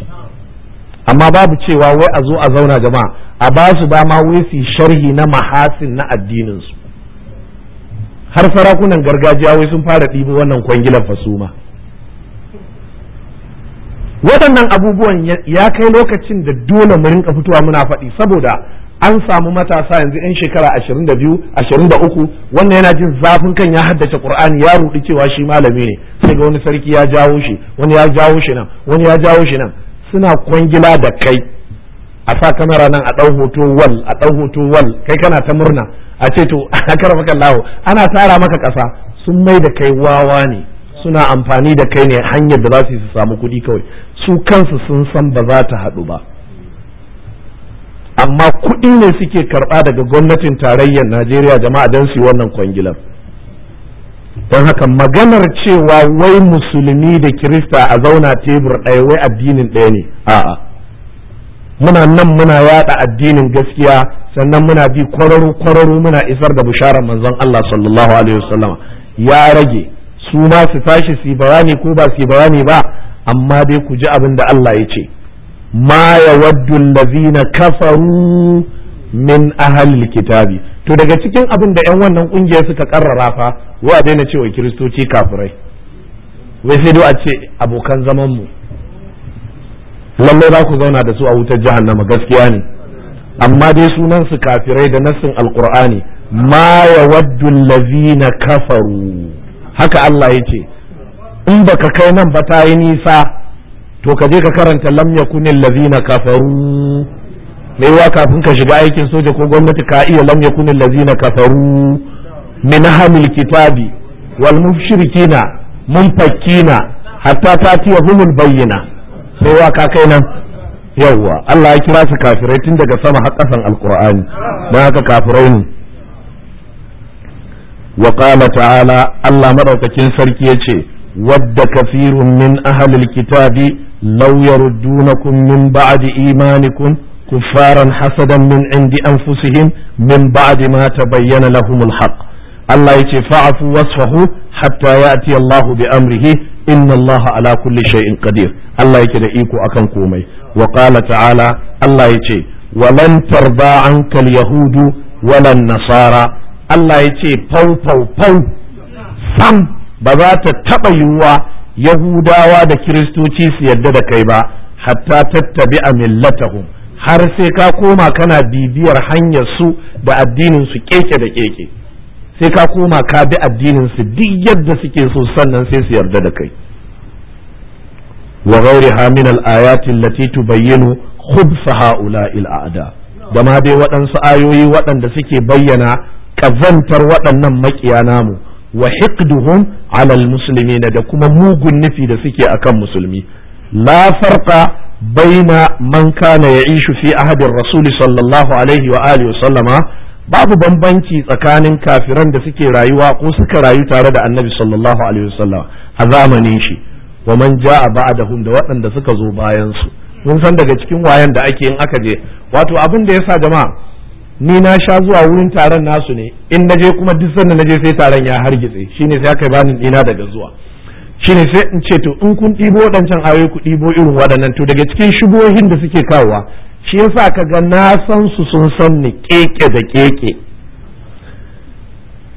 amma babu cewa wai a zo a zauna jama'a a ba su dama wai sharhi na mahasin na addininsu har sarakunan gargajiya wai sun fara ɗibo wannan kwangilar fasuma waɗannan abubuwan ya kai lokacin da dole mu rinka fitowa muna faɗi saboda an samu matasa yanzu 'yan shekara 22 23 wannan yana jin zafin kan ya haddace qur'ani ya rudi cewa shi malami ne sai ga wani sarki ya jawo shi wani ya jawo shi nan wani ya jawo shi nan suna kwangila da kai a sa kamera nan a ɗau hoto wal a ɗau hoto wal kai kana ta murna a ce to [LAUGHS] a karfa kallahu ana tara maka ƙasa sun mai da kai wawa ne suna amfani da kai ne hanyar da za su su samu kuɗi kawai su kansu sun san ba za ta haɗu ba amma kuɗi ne suke karɓa daga gwamnatin tarayyar najeriya jama'a don su yi wannan kwangilar don haka maganar cewa wai musulmi da kirista a zauna tebur ɗaya wai addinin ɗaya ne a'a muna nan muna yada addinin gaskiya sannan muna bi kwararu-kwararu muna isar da bisharar manzon Allah sallallahu alaihi Wasallama ya rage su ma su tashi su yi bayani ko ba su yi bayani ba amma dai ku ji abin da Allah ya ce ma waddu allazina kafaru min ahlil kitabi to daga cikin abin da yan wannan kungiya suka karrara fa wa daina cewa kiristoci kafirai wai sai dai a ce abokan zaman mu lallai za ku zauna da su a wutar jahannama gaskiya ne amma dai sunan su kafirai da nassin alqur'ani ma waddu allazina kafaru haka Allah ya ce in baka kai nan ba ta yi nisa to ka je ka karanta lam yakunil lazina kafaru mai wa kafin ka shiga aikin soja ko gwamnati ka iya lam yakunil lazina kafaru min hamil kitabi wal mushrikina munfakina hatta tatiya humul bayyina sai wa ka kai nan yawwa Allah ya kira su kafirai tun daga sama har kasan alqur'ani don haka kafirai ne wa ta'ala Allah madaukakin sarki yace wadda kafirun min ahlil kitabi law yaruddunakum min ba'di imanikum kuffaran hasadan min indi anfusihim min ba'di ma tabayyana lahumul haqq Allah yace fa'afu wasfahu hatta ya'ti Allahu bi amrihi inna Allah ala kulli shay'in qadir Allah yake da iko akan komai wa ta'ala Allah yace walan tarda anka al-yahudu walan nasara Allah ya ce fau fau fau sam ba za ta taɓa yiwuwa yahudawa da kiristoci su yarda da kai ba hatta tattabi a millatahum har sai ka koma kana bibiyar hanyar su da addinin su keke da keke sai ka koma ka bi addinin su duk yadda suke so sannan sai su yarda da kai wa ghairiha min al-ayati allati tubayyinu khubsa ha'ula'il a'da da ma dai waɗansu ayoyi waɗanda suke bayyana ƙazantar waɗannan maƙiya namu wa hiqduhum musulmi na da kuma mugun nufi da suke akan musulmi la farqa baina man kana ya'ishu fi ahadin rasuli sallallahu alaihi wa alihi sallama babu bambanci tsakanin kafiran da suke rayuwa ko suka rayu tare da annabi sallallahu alaihi wasallam a zamanin shi wa man ja'a ba'dahum da waɗanda suka zo bayan su mun san daga cikin wayan da ake yin aka je wato abin da yasa jama'a ni na sha zuwa wurin taron nasu ne in na je kuma duk sanda na je sai taron ya hargitse shine sai aka bani dina daga zuwa shine sai in ce to in kun ɗibo waɗancan ayoyi ku ɗibo irin waɗannan to daga cikin shigohin da suke kawowa shi yasa ka ga na san su sun san ni keke da keke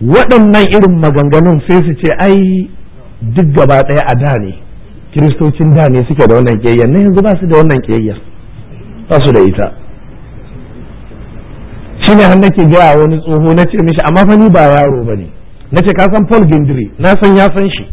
waɗannan irin maganganun sai su ce ai duk gaba ɗaya a da ne kiristocin da ne suke da wannan ƙiyayyar na yanzu ba su da wannan ƙiyayyar ba su da ita shine har nake gaya wani tsoho na ce mishi amma fani ba yaro ne na ce kasan san Paul Gindiri na san ya san shi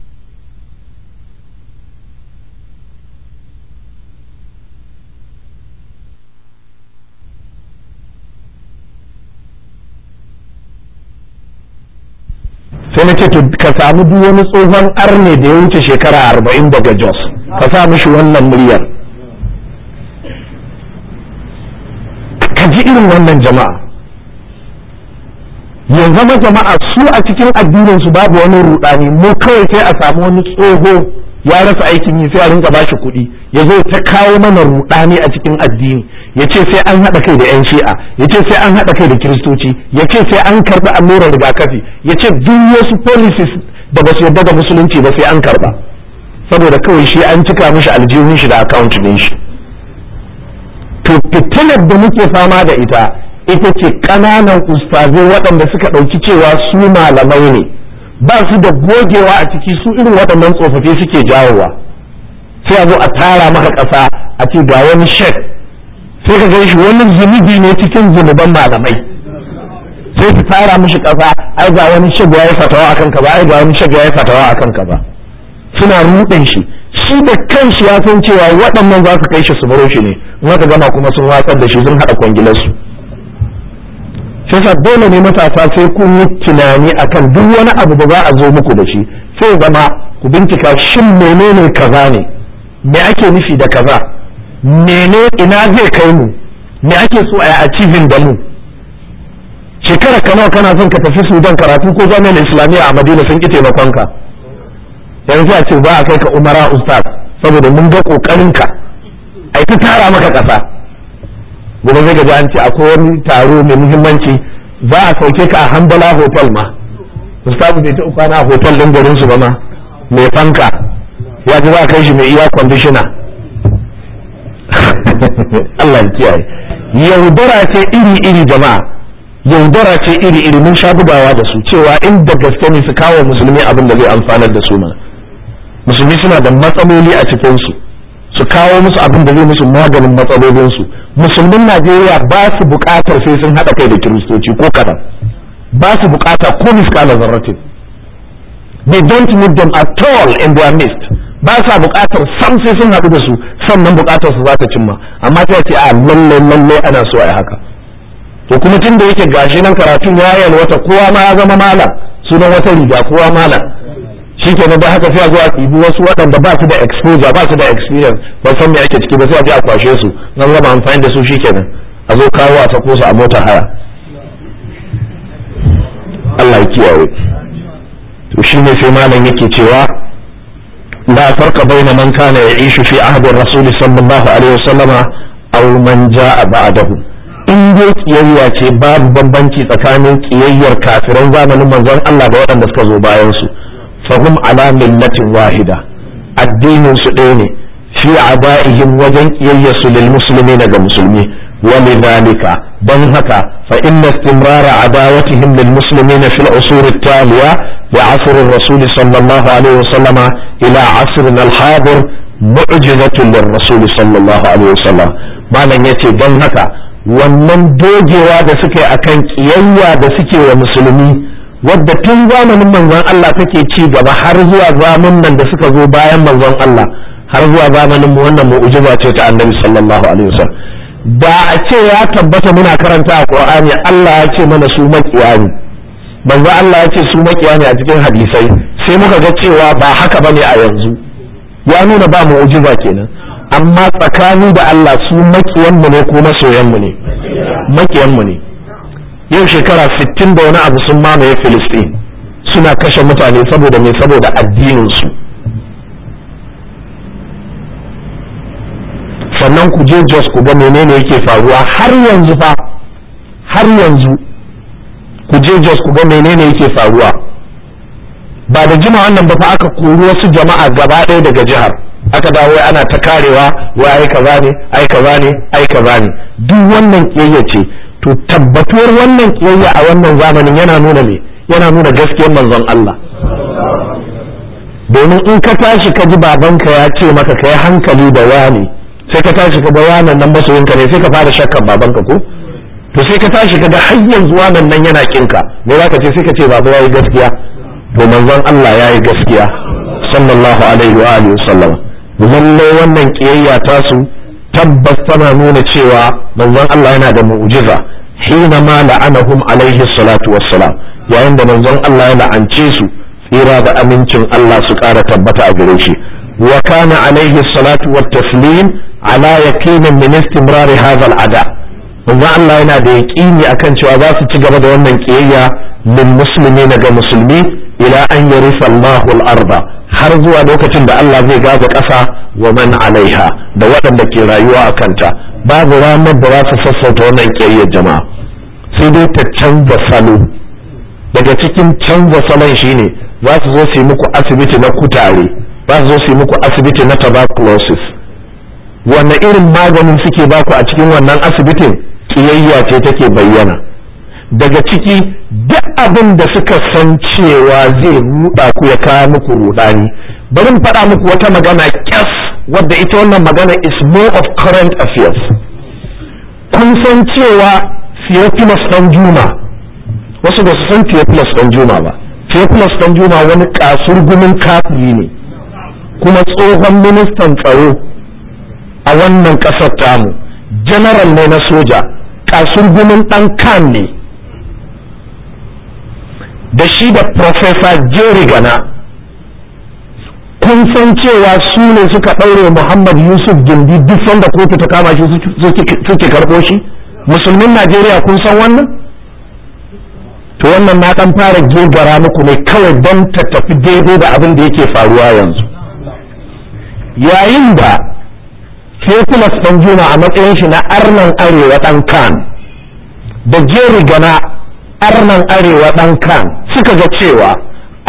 sai na ce to ka samu duk wani tsohon arne da ya wuce shekara arba'in daga jos ka sa mishi wannan muryar ka ji irin wannan jama'a ya zama jama'a su a cikin addinin su babu wani rudani mu kawai sai a samu wani tsoho ya rasa aikin yi sai a rinka bashi kuɗi ya zo ta kawo mana rudani a cikin addini ya ce sai an haɗa kai da 'yan shi'a ya ce sai an haɗa kai da kiristoci ya ce sai an karɓi allurar rigakafi ya ce duk wasu policies da basu su yarda da musulunci ba sai an karɓa saboda kawai shi an cika mishi aljihun shi da account ɗin shi to fitilar da muke fama da ita ita ce ƙananan ustazai waɗanda suka ɗauki cewa su malamai ne ba su da gogewa a ciki su irin waɗannan tsofaffi suke jawowa sai a zo a tara maka ƙasa a ce ga wani shek sai ka gani shi wani zunubi ne cikin zunuban malamai sai su tara mishi ƙasa ai ga wani shek ya yi fatawa akan ka ba ai ga wani shek ya yi fatawa akan ka ba suna ruɗin shi shi da kanshi ya san cewa waɗannan za su kai shi su baro shi ne in aka gama kuma sun watsar da shi sun haɗa kwangilarsu ta dole ne matasa sai kun yi tunani akan duk wani abu da za a zo muku da shi sai zama ku bincika shin menene kaza ne me ake nufi da kaza mene ina zai kai mu me ake so a yi achieving da mu shekara kana kana son ka tafi sudan karatu ko jami'an islamiyya a madina sun ki taimakonka yanzu a ce ba a kai ka umara ustaz saboda mun ga kokarinka ai ta tara maka kasa gudun zai gaji an ce akwai wani taro mai muhimmanci za a sauke ka a hambala hotel ma ustazu bai taɓa kwana a hotel ɗin garin su ba ma mai fanka ya ji za a kai shi mai iya kwandishina [LAUGHS] Allah ya kiyaye yaudara ce iri-iri jama'a yaudara ce iri-iri mun sha bugawa da su cewa inda gaske ne su kawo musulmi abin da zai amfanar da su ma musulmi suna da matsaloli a cikinsu su kawo musu abin da zai musu maganin matsalolinsu musulmin najeriya ba su bukatar sai sun haɗa kai da kiristoci ko kaɗan ba su bukata ko da zarratin they don't need them at all in their midst ba sa bukatar sam sai sun haɗu da su sannan bukatar su za ta cimma amma ta ce a ah, lalle lalle ana so a haka to kuma tun da yake gashi nan karatun ya wata kowa ma ya zama malam sunan wata riga kowa malam nan da haka sai a zo a ɗibi wasu waɗanda ba su da exposure ba su da experience ba san me ake ciki ba sai a je a kwashe su nan gama amfani da su nan a zo kawo a sako su a motar haya Allah ya kiyaye to shi ne sai malam yake cewa لا فرق بين من كان يعيش في عهد الرسول صلى الله عليه وسلم man من جاء in dai kiyayya ce babu bambanci tsakanin kiyayyar kafiran zamanin manzon Allah da waɗanda suka zo bayan fahim ala millatin wahida addinin su ɗaya ne fi adaihim wajen kiyayyasu lil musulmi ga musulmi ولذلك بنهك فإن استمرار عداوتهم للمسلمين في العصور التالية لعصر الرسول صلى الله عليه وسلم إلى عصرنا الحاضر معجزة للرسول صلى الله عليه وسلم ما لن يتي بنهك wannan dogewa da suke akan kiyayya da suke wa musulmi wadda tun zamanin manzon Allah take ci gaba har zuwa nan da suka zo bayan manzon Allah har zuwa zamanin mu wannan mu'jiza ce ta annabi sallallahu alaihi wasallam da a ce ya tabbata muna karanta Qur'ani Allah ya ce mana su makiyani manzo Allah ya ce su makiyani a cikin hadisai sai muka ga cewa ba haka bane a yanzu ya nuna ba mu'jiza kenan amma tsakani da Allah su makiyan mu ne ko masoyan mu ne makiyan mu ne yau shekara 60 da wani abu sun mamaye filistin suna kashe mutane saboda mai saboda addininsu sannan ku je jos ku ga menene yake faruwa har yanzu fa har yanzu ku je jos ku ga menene yake faruwa ba da jima wannan ba fa aka kori wasu jama'a gaba ɗaya daga jihar aka dawo ana ta karewa wai aika ba ne aika ba ne aika ba ne duk wannan kiyayya ce to tabbatuwar wannan kiyayya a wannan zamanin yana nuna me yana nuna gaskiyar manzon Allah domin in ka tashi ka ji babanka ya ce maka ka yi hankali da wani sai ka tashi ka ga wanan nan masoyinka ne sai ka fara shakkan babanka ko to sai ka tashi ka ga har yanzu wannan nan yana kinka me za ka ce sai ka ce baba yayi gaskiya to manzon Allah yayi gaskiya sallallahu alaihi wa alihi wasallam lallai wannan kiyayya tasu tabbas tana nuna cewa manzon Allah yana da mu'jiza hina ma la'anahum alaihi salatu wassalam yayin da manzon Allah ya la'ance su tsira da amincin Allah su ƙara tabbata a gare shi wa kana alaihi salatu wa ala yaqinin min istimrar hadha al manzon Allah yana da yaqini akan cewa za su ci gaba da wannan kiyayya lil muslimina ga musulmi ila an yarifa Allahu al har zuwa lokacin da Allah zai gaza ƙasa wa man alaiha da waɗanda ke rayuwa a kanta babu ranar da za su sassauta wannan ƙiyayyar jama'a sai dai ta canza salo daga cikin canza salon shi ne za su zo su yi muku asibiti na kutare za su zo su yi muku asibiti na tuberculosis wanne irin maganin suke baku a cikin wannan asibitin ƙiyayya ce take bayyana daga ciki duk abin da suka san cewa zai ruɗa ku ya kawo muku ruɗani bari mu faɗa muku wata magana kyas wadda ita wannan magana is more of current affairs kun san cewa Theophilus ɗan Juma wasu ba su san Theophilus ɗan Juma ba Theophilus ɗan Juma wani kasurgumin kafiri ne kuma tsohon ministan tsaro a wannan ƙasar tamu general ne na soja kasurgumin ɗan kan ne da shi da professor jerry gana kun san cewa su ne suka ɗaure muhammad yusuf gindi duk sanda kotu ta kama shi suke karɓo shi musulmin najeriya kun san wannan to wannan na ɗan fara gogara muku ne kawai don ta tafi daidai da abin da yake faruwa yanzu yayin da fetulas Sanjuna a matsayin shi na arnan arewa ɗan kan da jeri gana arnan arewa ɗan kan suka ga cewa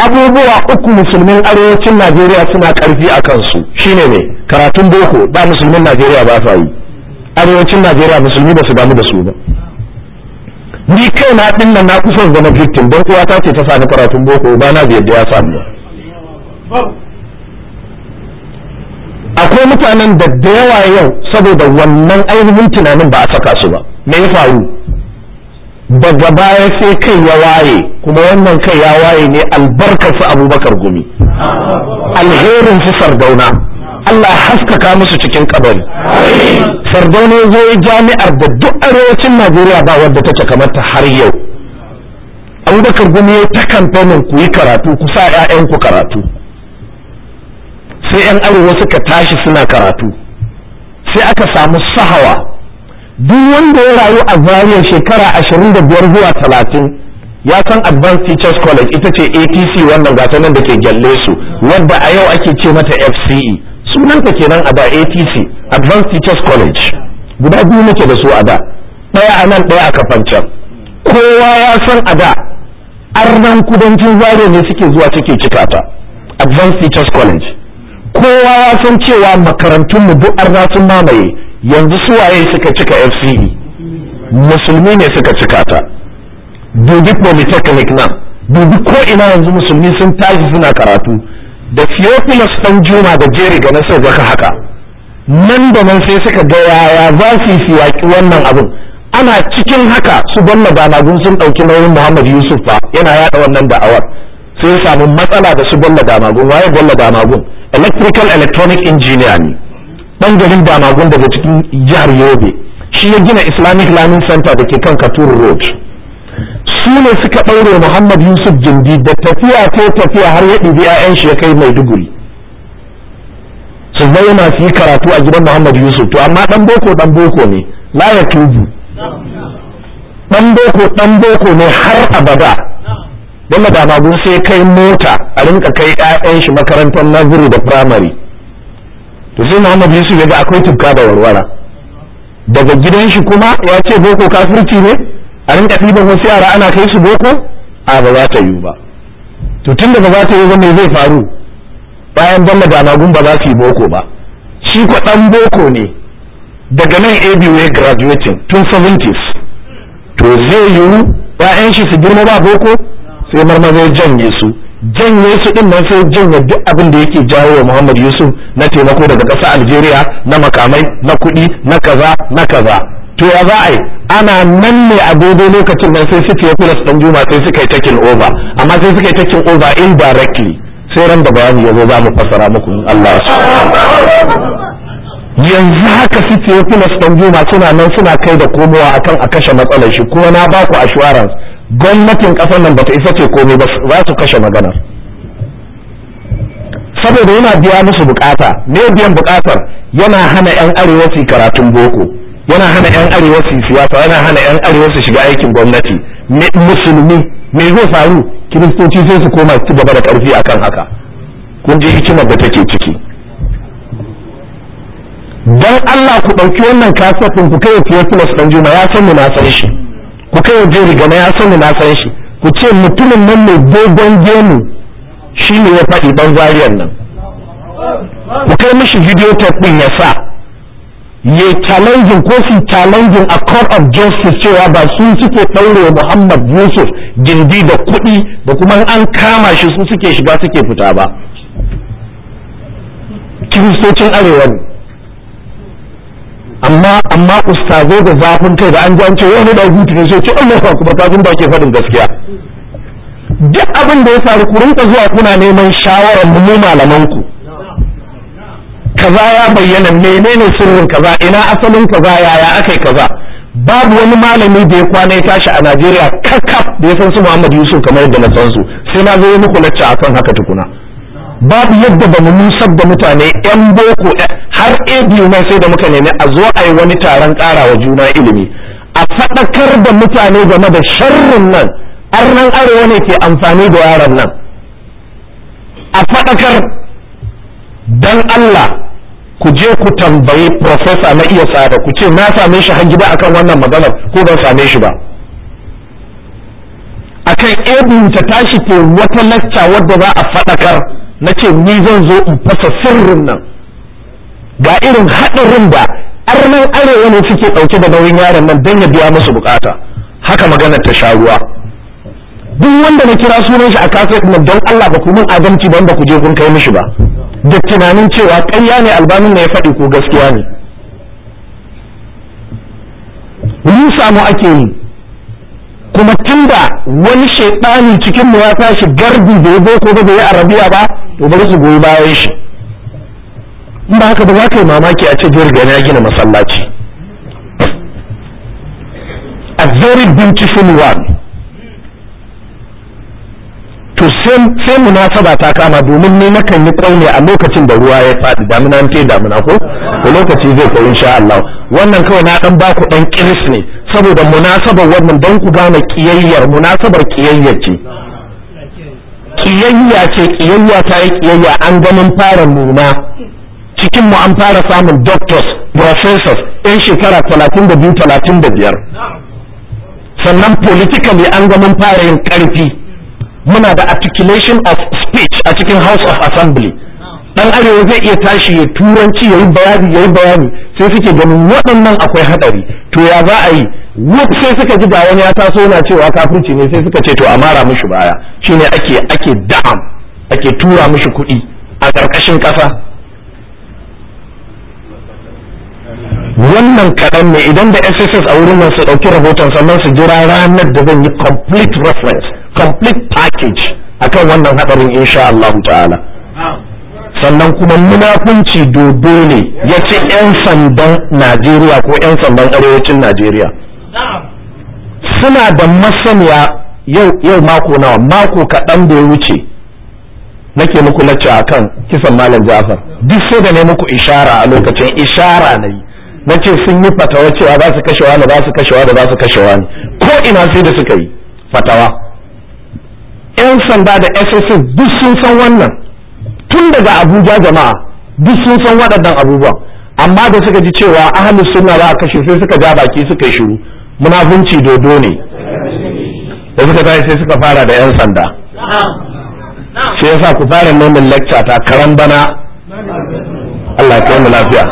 abubuwa uku musulmin arewacin najeriya suna karfi a kansu shine ne karatun boko ba musulmin najeriya ba ta yi arewacin najeriya musulmi ba su damu da su ba ni kai na nan na kusan zama victim don kuwa ta ce ta sani karatun boko ba na yadda ya ba akwai mutanen da da yawa yau saboda wannan ainihin tunanin ba a saka su ba me ya faru daga baya sai kai ya waye kuma wannan kai ya waye ne albarkarsa abubakar gumi alherin su sardauna Allah haskaka musu cikin kabari sardauna ya zo jami'ar da duk arewacin najeriya ba wadda ta kamar ta har yau abubakar gumi ya ta kamfanin ku yi karatu ku sa 'ya'yanku karatu sai 'yan arewa suka tashi suna karatu sai aka samu sahawa duk wanda ya rayu a zariyar shekara ashirin da biyar zuwa talatin ya san advanced teachers college ita ce atc wannan gata nan da ke gyalle su wadda a yau ake ce mata fce sunanta kenan a da atc advanced teachers college guda biyu nake da su a da ɗaya a nan ɗaya a kafancan kowa ya san a da arnan kudancin zariyar ne suke zuwa take cikata advanced teachers college kowa ya san cewa makarantunmu duk arna sun mamaye yanzu suwaye suka cika FCD musulmi ne suka cika ta dubi polytechnic nan dubi ko ina yanzu musulmi sun tashi suna karatu da theophilus dan juma da jerry ga nasar zaka haka nan da nan sai suka ga yaya za su yi waƙi wannan abin ana cikin haka su gwamna danagun sun ɗauki nauyin muhammad yusuf ba yana yaɗa wannan da'awar sai samun samu matsala da su gwamna danagun waye gwamna danagun electrical electronic engineer ne dan damagun daga cikin jihar yobe shi ya gina islamic learning center da ke kan katuru road su ne suka ɗaure muhammad yusuf jindi da tafiya ko tafiya har ya ɗibi 'ya'yan shi ya kai maiduguri su yana su yi karatu a gidan muhammad yusuf to amma ɗan boko ɗan boko ne la ya tubu ɗan boko ɗan boko ne har abada don da sai kai mota a rinka kai 'ya'yan shi makarantar naziri da firamare to sai Muhammad Yusuf ya ga akwai tubka da warwara daga gidan shi kuma ya ce boko kafirci ne a rinka ɗiban wasu yara ana kai su boko a ba za ta yiwu ba to tun da ba za ta yiwu ba me zai faru bayan ban da magun ba za su yi boko ba shi ko dan boko ne daga nan ABU ya graduating tun 70s to zai yiwu bayan shi su girma ba boko sai marmar zai janye su janye su din nan sai janye duk abin da yake jawo wa Muhammad Yusuf na taimako daga ƙasar Algeria na makamai na kuɗi na kaza na kaza to ya za a yi ana nan ne a daidai lokacin nan sai suke kula dan juma sai suka yi taking over amma sai suka yi taking over indirectly sai ran da bayani ya zo za mu fassara muku in Allah ya yanzu haka suke kula dan juma suna nan suna kai da komowa akan a kashe matsalar shi kuma na ba ku assurance gwamnatin kasar nan bata isa ce komai ba za su kashe magana saboda yana biya musu bukata me biyan bukatar yana hana yan arewa su karatun boko yana hana yan arewa su siyasa yana hana yan arewa su shiga aikin gwamnati musulmi me zai faru kiristoci sai su koma ci gaba da karfi akan haka kun ji hikimar da take ciki dan Allah ku ɗauki wannan kasafin ku kai fiye plus ɗan juma ya san mu na san shi ku kai waje riga na ya sani na san shi ku ce mutumin nan mai dogon gemu shi ne ya faɗi ban zariyar nan ku kai mishi video ta ɗin ya sa ya challenging ko su challenging a court of justice cewa ba su suke ɗaure Muhammad Yusuf gindi da kuɗi da kuma an kama shi su suke shiga suke fita ba kiristocin arewa ne amma amma ustazo da zafin kai da an ji an ce wani da hutu ne sai ce Allah ya kuma kafin ba ke faɗin gaskiya duk abin da ya faru ku rinka zuwa kuna neman shawarar mu malaman ku kaza ya bayyana menene sirrin kaza ina asalin kaza yaya akai kaza babu wani malami da ya kwana ya tashi a Najeriya kakaf da ya san su Muhammad Yusuf kamar yadda na san su sai na zo muku lacca akan haka tukuna babu yadda ba mu musar da mutane yan boko har abu mai sai da muka nemi a zo a yi wani taron ƙarawa juna ilimi a faɗakar da mutane game da sharrin nan arnan arewa ne ke amfani da yaran nan a faɗakar dan Allah ku je ku tambayi profesa na iya tsada ku ce na same shi har gida akan wannan maganar ko ban same shi ba akan ebu ta tashi ke wata lacca wadda za a faɗakar na ce ni zan zo in fasa sirrin nan ga irin haɗarin da arnan arewa ne suke ɗauke da nauyin yaron nan don ya biya musu bukata haka maganar ta sha ruwa duk wanda na kira sunan shi a kafin nan don Allah ba ku min adalci ba ku je kun kai mishi ba da tunanin cewa ƙarya ne albanin ne ya faɗi ko gaskiya ne mun samu ake yi kuma tunda wani shaiɗani cikin mu ya tashi garbi da ya ko ba da ya arabiya ba to bari su goyi bayan shi in ba haka ba za ka yi mamaki a ce gani ya gina masallaci a very beautiful one to sai munasaba ta kama domin ne nakan yi tsaune a lokacin da ruwa ya faɗi damina ce damina ko da lokaci zai kai insha Allah wannan kawai na dan baku dan kiris ne saboda munasabar wannan don ku gane kiyayyar munasabar kiyayyar ce kiyayya ce kiyayya ta yi kiyayya an ganin fara nuna cikin mu an fara samun doctors professors 'yan shekara talatin talatin da biyu da biyar sannan politically an ganin fara yin ƙarfi muna da articulation of speech a cikin house of assembly dan arewa zai iya tashi ya turanci ya yi bayani ya yi bayani sai suke ganin waɗannan akwai haɗari to ya za a yi wasu sai suka ji ga wani ya taso yana cewa kafirci ne sai suka ce to a mara mishi baya shine ake ake da'am ake tura mushi kuɗi a ƙarƙashin ƙasa wannan kaɗan ne idan da sss a wurin nan su ɗauki rahoton sannan su jira ranar da zan yi complete reference complete package akan wannan haɗarin insha Allah ta'ala sannan kuma munafunci dodo ne ya ce 'yan sandan najeriya ko 'yan sandan arewacin najeriya suna da masaniya yau mako nawa mako kaɗan da ya wuce nake muku lacce a kan kisan malam jafar duk sai da ne muku ishara a lokacin ishara na yi na ce sun yi fatawa cewa za su kashe wani za su kashe wani za su kashe wani ko ina sai da suka yi fatawa yan sanda da sss duk sun san wannan tun daga abuja jama'a duk sun san waɗannan abubuwan amma da suka ji cewa ahalus sunna za a kashe sai suka ja baki suka yi shiru munafunci dodo ne da suka tashi sai suka fara da 'yan sanda sai yasa ku fara nomin lecture ta karan bana Allah ya mu lafiya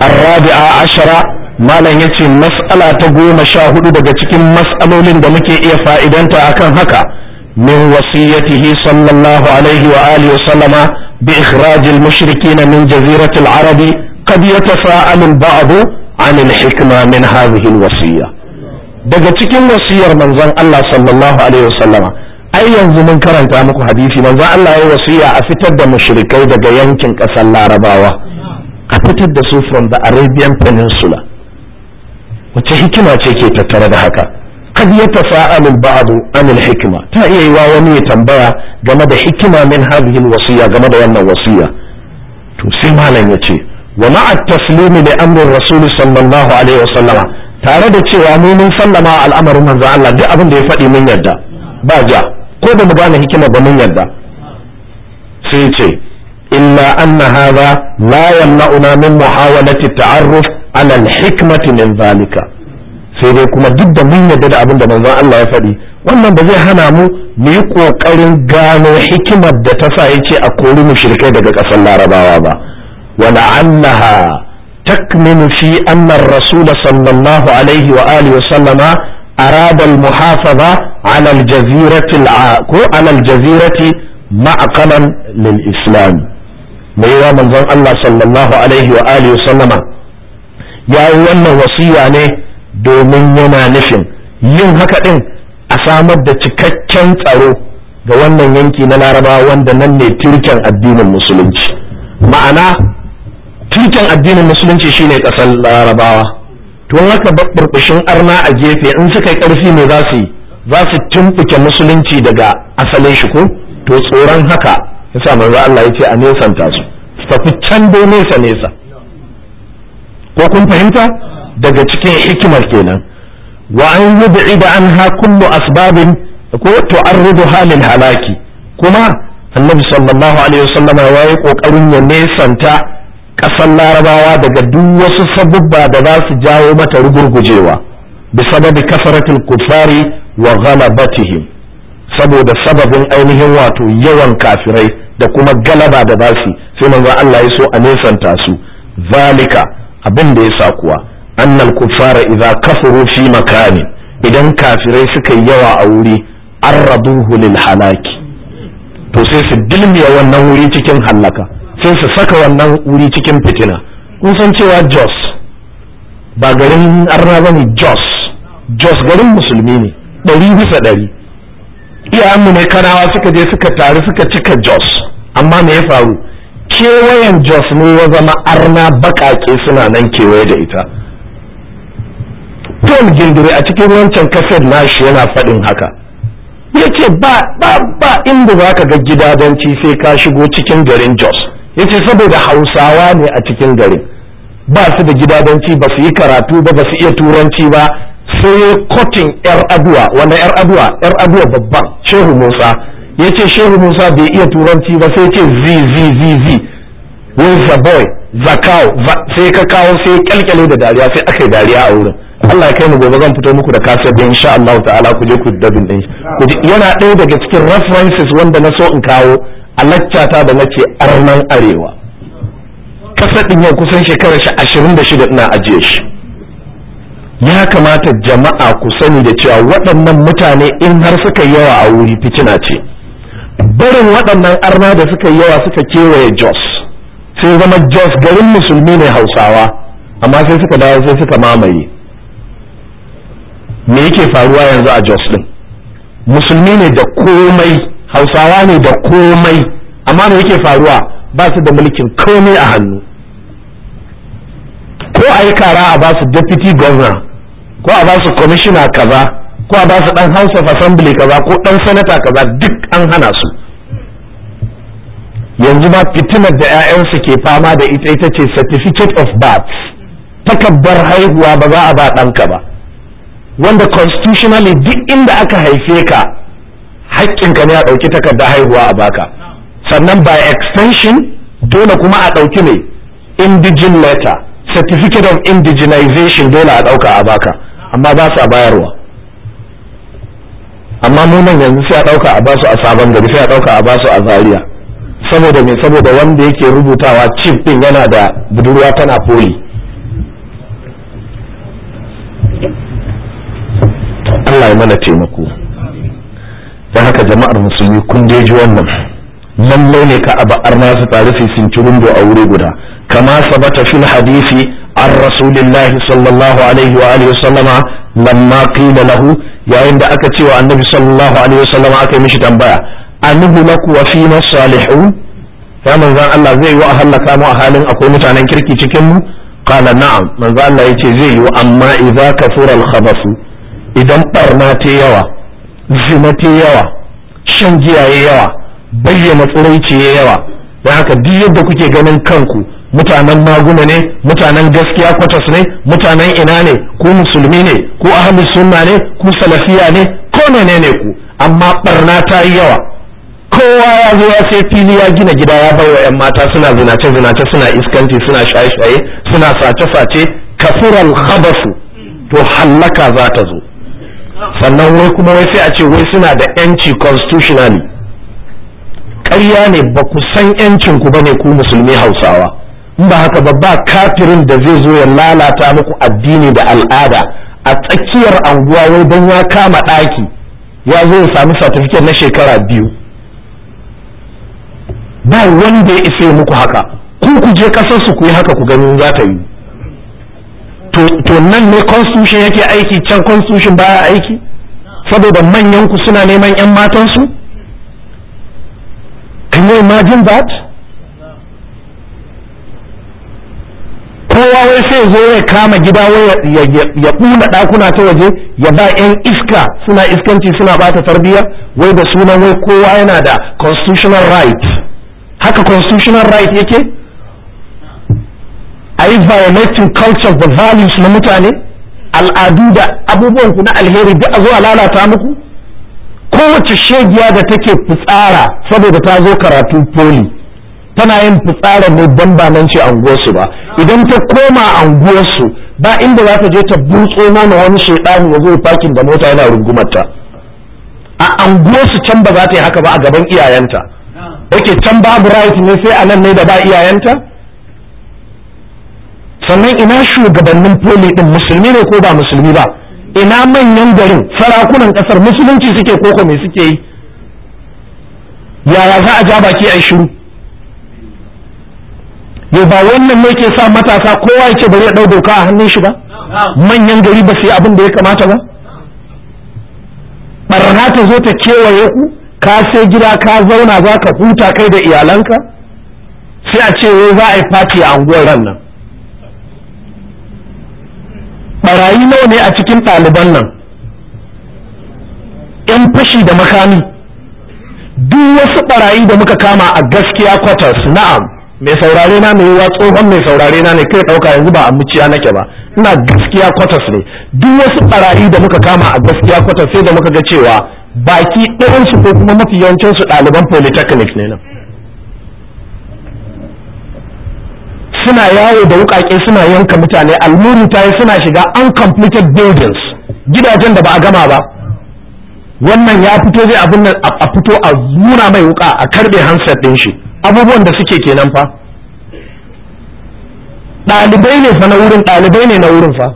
arabi'a ashara, malam ya ce mas'ala ta goma sha hudu daga cikin mas'alolin da muke iya fa'idanta a kan haka min wasiyatihi sallallahu alaihi wa alihi wa sallama bi ikhrajil mushrikina min jaziratil arabi qad yatafa'alu al-ba'd an al-hikma min daga cikin wasiyar manzon Allah sallallahu alaihi wasallama ai yanzu mun karanta muku hadisi manzon Allah ya wasiya a fitar da mushrikai daga yankin ƙasar Larabawa a fitar da su from the Arabian Peninsula wace hikima ce ke tattare da haka kad ya tafa'alu ba'du an al-hikma ta iya yiwa wani ya tambaya game da hikima min hadhihi al-wasiya game da wannan wasiya to sai malam ya ce wa ma'a taslimi li amrin rasul sallallahu alaihi wasallama tare da cewa mu mun sallama al'amarin manzon Allah duk abin da ya faɗi mun yarda ba ja ko ba mu gane hikima ba mun yarda sai ce illa anna hadha la yamna'una min muhawalati ta'arruf ala al-hikmati min zalika sai dai kuma duk da mun yarda da abin da manzon Allah ya faɗi wannan ba zai hana mu mu yi kokarin gano hikimar da ta sa yake a kori mu mushrikai daga ƙasar Larabawa ba ولعلها تكمن في أن الرسول صلى الله عليه وآله وسلم أراد المحافظة على الجزيرة العاكو على الجزيرة معقلا للإسلام ميرا من ظن الله صلى الله عليه وآله وسلم يا أولا وصية ne domin yana nufin yin haka ɗin a samar da cikakken tsaro ga wannan yanki na larabawa wanda nan ne tirken addinin musulunci ma'ana tushen addinin musulunci shine kasar larabawa to haka burbushin arna a gefe in suka yi karfi ne za su yi za su tumbuke musulunci daga asalin shi ko to tsoron haka yasa manzo Allah yace a nesanta su tafi can do nesa nesa ko kun fahimta daga cikin hikimar kenan wa an yub'ida anha kullu asbabin ko tu'arriduha halin halaki kuma annabi sallallahu alaihi wasallama yayi ƙoƙarin ya nesanta ƙasar larabawa daga duk wasu sabubba da za su jawo mata rugurgujewa bisa sababi kasaratul kufari wa ghalabatihim saboda sababin ainihin wato yawan kafirai da kuma galaba da za su sai manzo Allah ya so a nesanta su zalika abin da ya sa kuwa annal kuffara idza kafaru fi makani idan kafirai suka yi yawa a wuri arraduhu lil halaki to sai su dilmiya wannan wuri cikin halaka sai su saka wannan wuri cikin fitina kun san cewa jos ba garin arna ba ne jos jos garin musulmi ne ɗari bisa ɗari iyayenmu ne kanawa suka je suka taru suka cika jos amma me ya faru kewayen jos ne ya zama arna baƙaƙe suna nan kewaye da ita tom gindire a cikin wancan kasar nashi yana faɗin haka ya ce ba ba ba inda za ka ga gidadanci sai ka shigo cikin garin jos yace saboda hausawa ne a cikin gari ba su da gidadanci ba su yi karatu ba ba su iya turanci ba sai kotin yar aduwa wanda yar aduwa yar aduwa babban shehu musa ya ce shehu musa bai iya turanci ba sai ce zi zi zi zi the boy sai ka kawo sai kyalkyale da dariya sai aka yi dariya a wurin Allah ya kai mu gobe zan fito muku da kasar da insha Allah ta'ala ku je ku dabin din yana ɗaya daga cikin references wanda na so in kawo a laccata da nace arnan arewa kasadin yau kusan shekara shi ashirin da shida ina ajiye shi ya kamata jama'a ku sani da cewa waɗannan mutane in har suka yawa a wuri fitina ce barin waɗannan arna da suka yawa suka kewaye jos sai zama jos garin musulmi ne hausawa amma sai suka dawo sai suka mamaye me yake faruwa yanzu a jos din musulmi ne da komai hausawa ne da komai amma me yake faruwa ba su da mulkin komai a hannu ko a yi kara a ba su deputy governor ko a ba su commissioner kaza ko a ba su dan house of assembly kaza ko dan senator kaza duk an hana su yanzu ma fitinar da 'ya'yansu ke fama da ita ita ce certificate of birth takabbar haihuwa ba za a ba ɗanka ba wanda constitutionally duk inda aka haife ka ka ne a ɗauki takardar haihuwa a baka sannan by extension dole kuma a ɗauki ne indigen letter certificate of indigenization dole a ɗauka a baka amma ba su a bayarwa amma munan yanzu sai a ɗauka a basu a sabon gari sai a ɗauka a basu a zaria saboda me saboda wanda yake rubutawa chief din yana da budurwa tana poli Allah ya mana taimako don haka jama'ar musulmi kun ji wannan lallai ne ka abu arna su tsari su sinci rundo a wuri guda kama sabata fil hadisi an rasulillahi sallallahu alaihi wa alihi wasallama lamma qila lahu yayin da aka cewa annabi sallallahu alaihi wasallama aka yi mishi tambaya anuhu laku wa fina salihu. ya manzan Allah zai yi wa halaka mu a halin akwai mutanen kirki cikin mu qala na'am manzan Allah yace zai yi amma idza kathura al khabasu idan barna ta yawa zinate yawa shan giya ya yawa bayyana tsiraici ya yawa da haka duk yadda kuke ganin kanku mutanen maguna ne mutanen gaskiya kwatas ne mutanen ina ne ku musulmi ne ku ahli sunna ne ku salafiya ne ko menene ku amma barna ta yi yawa kowa ya zo ya sai fili ya gina gida ya bai wa 'yan mata suna zinace zinace suna iskanti suna shaye shaye suna sace sace kafuran khabasu to hallaka za ta zo sannan wai kuma wai sai a ce wai suna da yanci constitutionally ƙarya ne ba ku san yancin ku bane ku musulmi hausawa in ba haka ba ba kafirin da zai zo ya lalata muku addini da al'ada a tsakiyar anguwa wai don ya kama ɗaki ya zo ya sami satifiket na shekara biyu ba wanda ya isa muku haka ku ku je ƙasarsu ku yi haka ku gani za ta yi to nan ne constitution yake aiki can constitution ba ya aiki saboda manyan ku suna neman yan matansu can you imagine that kowa wai sai zo ya kama gida wai ya ɓuna ɗakuna ta waje ya ba 'yan iska suna iskanci suna bata tarbiyya wai da sunan wai kowa yana da constitutional right haka constitutional right yake a yi violating culture da values na mutane al'adu da abubuwan ku na alheri duk a zo a lalata muku kowace shegiya da take fitsara saboda ta zo karatu poli tana yin fitsara ne don ba nan ce anguwarsu ba idan ta koma anguwarsu ba inda za ta je ta burtso na wani shaidani ya zo parking da mota yana rungumarta a anguwarsu can ba za ta yi haka ba a gaban iyayenta yake can babu right ne sai a nan ne da ba iyayenta sannan ina shugabannin poli ɗin musulmi ne ko ba musulmi ba ina manyan garin sarakunan ƙasar musulunci suke koko me suke yi yaya za a ja baki a shiru yau ba wannan ne ke sa matasa kowa yake bari ya ɗau doka a hannun shi ba manyan gari ba sai abin da ya kamata ba barna ta zo ta kewaye ku ka sai gida ka zauna za ka huta kai da iyalanka sai a ce wai za a yi fati a unguwar ran nan barayi nawa ne a cikin ɗaliban nan yan fashi da makami duk wasu barayi da muka kama a gaskiya kwatas na'am mai saurare na mai yiwuwa tsohon mai saurare na ne kai ɗauka yanzu ba a muciya nake ba ina gaskiya kwatas ne duk wasu barayi da muka kama a gaskiya kwatas sai da muka ga cewa baki ɗayansu ko kuma mafi yawancin ɗaliban polytechnic ne nan suna yawo da wukake suna yanka mutane almuru ta yi suna shiga uncompleted buildings gidajen da ba a gama ba wannan ya fito zai abin nan a fito a nuna mai wuka a karbe handset din shi abubuwan da suke kenan fa ɗalibai ne fa na wurin ɗalibai ne na wurin fa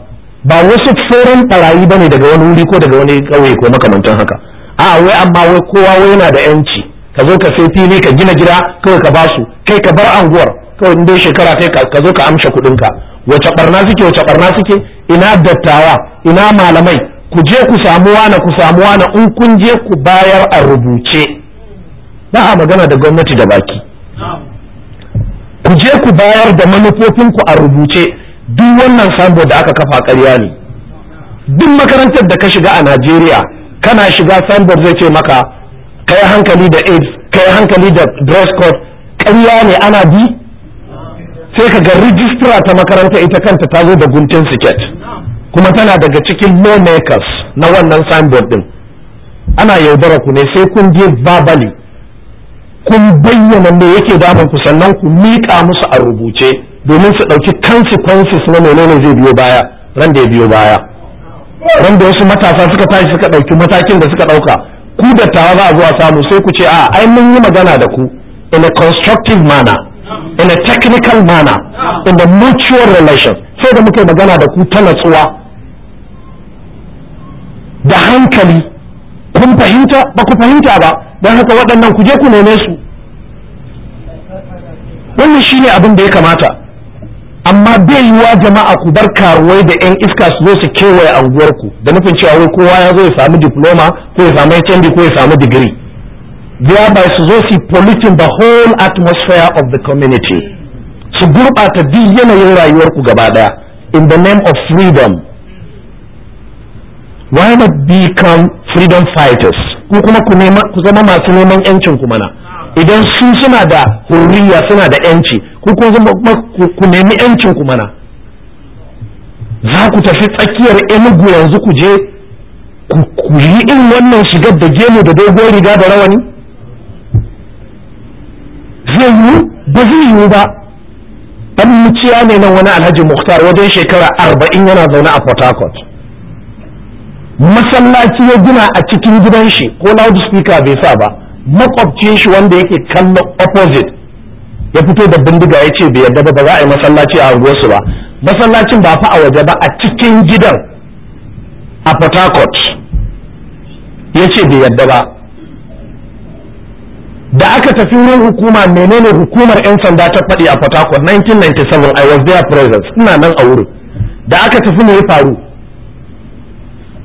ba wasu foreign barayi bane daga wani wuri ko daga wani ƙauye ko makamantan haka a wai amma wai kowa wai yana da yanci ka zo ka sai fili ka gina gida kawai ka basu kai ka bar anguwar kawai in dai shekara sai ka zo ka amshe kuɗinka wace barna suke wace barna suke ina dattawa ina malamai ku je ku samu wani ku samu wani in kun je ku bayar a rubuce ba a magana da gwamnati da baki ku je ku bayar da manufofin ku a rubuce duk wannan sambo da aka kafa ƙarya ne duk makarantar da ka shiga a najeriya kana shiga sambo zai ce maka kai hankali da aids kai hankali da dress code ƙarya ne ana bi sai ka ga rijistira ta makaranta ita kanta ta zo da guntun siket kuma tana daga cikin lawmakers na wannan signboard din ana yaudara ku ne sai kun je babali kun bayyana ne yake damun ku sannan ku miƙa musu a rubuce domin su ɗauki consequences na menene zai biyo baya ran da ya biyo baya ran da wasu matasa suka tashi suka ɗauki matakin da suka ɗauka ku dattawa za a zuwa samu sai ku ce a ai mun yi magana da ku in a constructive manner in a technical manner in the mutual relation sai da muke magana da ku ta natsuwa da hankali kun fahimta ba ku fahimta ba don haka waɗannan ku je ku neme su wannan shine abin da ya kamata amma bai yi wa jama'a ku bar karuwai da 'yan iska su zo su kewaye anguwarku da nufin cewa kowa ya zo ya samu diploma ko ya samu hnd ko ya samu digiri thereby su zo su polluting the whole atmosphere of the community su gurɓata duk yanayin rayuwarku gaba ɗaya in the name of freedom why not become freedom fighters ku kuma ku zama masu neman yancin ku mana idan sun suna da hurriya suna da yanci ku kuma ku nemi yancin ku mana za ku tafi tsakiyar enugu yanzu ku je ku yi in wannan shigar da gemu da dogon riga da rawani zai yiwu ba zai yiwu ba dan muciya ne nan wani alhaji muhtar wajen shekara arba'in yana zaune a port harcourt masallaci ya gina a cikin gidan shi ko loudspeaker bai sa ba makwabcin shi wanda yake kallon opposite ya fito da bindiga ya ce bai yarda ba za a yi masallaci a unguwarsu ba masallacin ba fa a waje ba a cikin gidan a port harcourt ya ce bai yarda ba da aka tafi wurin hukuma menene hukumar 'yan sanda ta faɗi a Port Harcourt 1997 I was there present ina nan a wurin da aka tafi ne ya faru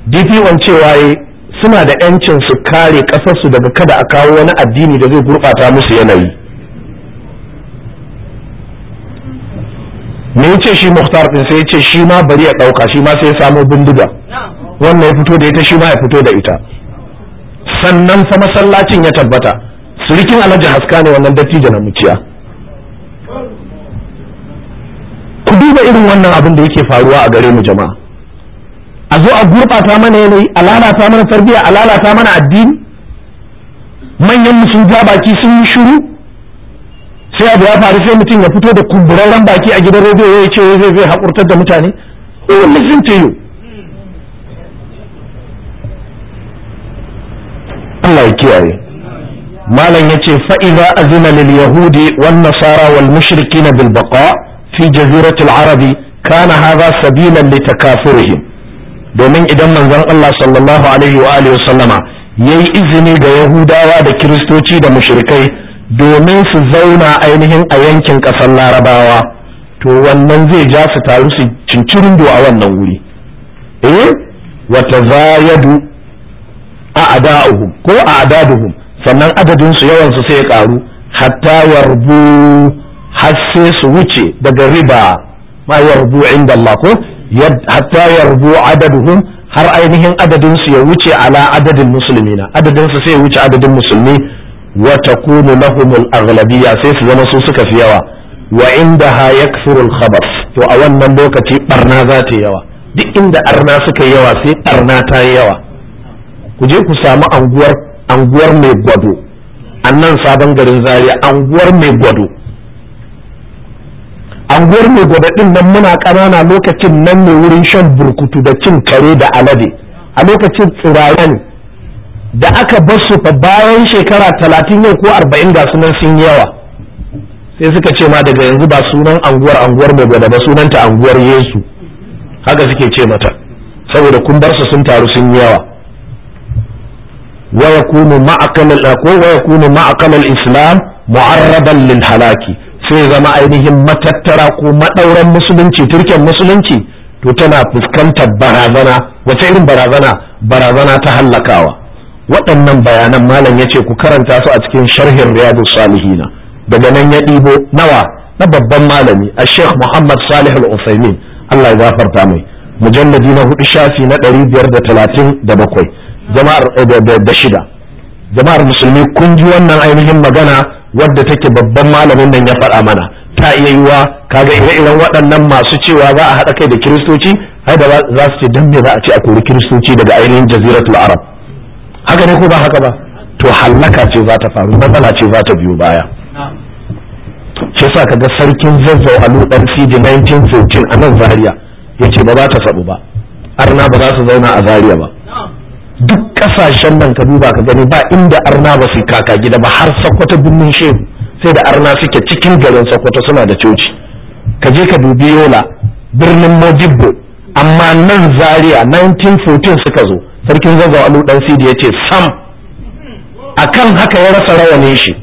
DPO cewa yi suna da 'yancin su kare ƙasarsu daga kada a kawo wani addini da zai gurɓata musu yanayi me yace shi Muhtar din sai yace shi ma bari ya ɗauka shi ma sai ya samo bindiga wannan ya fito da ita shi ma ya fito da ita sannan fa masallacin ya tabbata surikin alhaji haska ne wannan dattijo na muciya ku duba irin wannan abin da yake faruwa a gare mu jama'a a zo a gurɓata mana yanayi a lalata mana tarbiyya a lalata mana addini manyan sun ja baki sun yi shiru sai abu ya faru sai mutum ya fito da kumburarren baki a gidan rediyo ya ce zai zai haƙurtar da mutane sun Allah ya kiyaye malam yace fa idza azina lil yahudi wan nasara wal mushrikin bil baqa fi jazirati arabi kana hadha sabilan li takafurihim domin idan manzon Allah sallallahu alaihi wa alihi wasallama yayi izini ga yahudawa da kiristoci da mushrikai domin su zauna ainihin a yankin ƙasar larabawa to wannan zai ja su taru su cincirin a wannan wuri eh wata zayadu a ada'uhum ko a adaduhum sannan adadin su yawan su sai ya karu hatta yarbu har sai su wuce daga riba ma yarbu inda Allah ko hatta yarbu adaduhum har ainihin adadin su ya wuce ala adadin musulmina adadin su sai ya wuce adadin musulmi wa takunu lahumul aghlabiyya sai su zama su suka fi yawa wa indaha yakthuru al to a wannan lokaci barna za ta yawa duk inda arna suka yawa sai arna ta yi yawa ku je ku samu anguwar anguwar mai gwado annan sabon garin zaria anguwar mai gwado anguwar mai gwado din nan muna ƙanana lokacin nan ne wurin shan burkutu da cin kare da alade a lokacin tsirayen da aka basu fa bayan shekara talatin yau ko arba'in ga sunan sun yawa sai suka ce ma daga yanzu ba sunan anguwar anguwar mai gwado ba sunanta anguwar yesu haka suke ce mata saboda kun bar su sun taru sun yi yawa wa yakunu ma'akal ko wa yakunu ma'akal islam mu'arraban lil halaki sai zama ainihin matattara ko madauran musulunci turken musulunci to tana fuskantar barazana wace irin barazana barazana ta hallakawa waɗannan bayanan malam ce ku karanta su a cikin sharhin riyadu salihina daga nan ya ɗibo nawa na babban malami a sheikh muhammad salih al-usaimin allah ya gafarta mai mujalladi na hudu shafi na ɗari biyar da talatin da bakwai jama'ar eh, da shida jama'ar musulmi kun ji wannan ainihin magana wadda take babban malamin nan ya faɗa mana ta iya yiwa kaga ire-iren waɗannan masu cewa za a haɗa kai da kiristoci har da za su ce dan me za a ce a kori kiristoci daga ainihin jaziratul arab haka ne ko ba haka ba to hallaka ce za ta faru matsala ce za ta biyo baya shi sa kaga sarkin zazzau a ludan fiji 1914 a nan zaria ya ba za ta faɗu ba arna ba za su zauna a zaria ba duk kasashen nan ka duba ka gani ba inda arna ba su kaka gida ba har sakwata birnin shehu sai da arna suke cikin garin sakwata suna da coci ka je ka dubi yola birnin mojibbo amma nan zaria 1914 suka zo sarkin zazzau alu dan sidi ya ce sam A kan haka ya rasa rawanin shi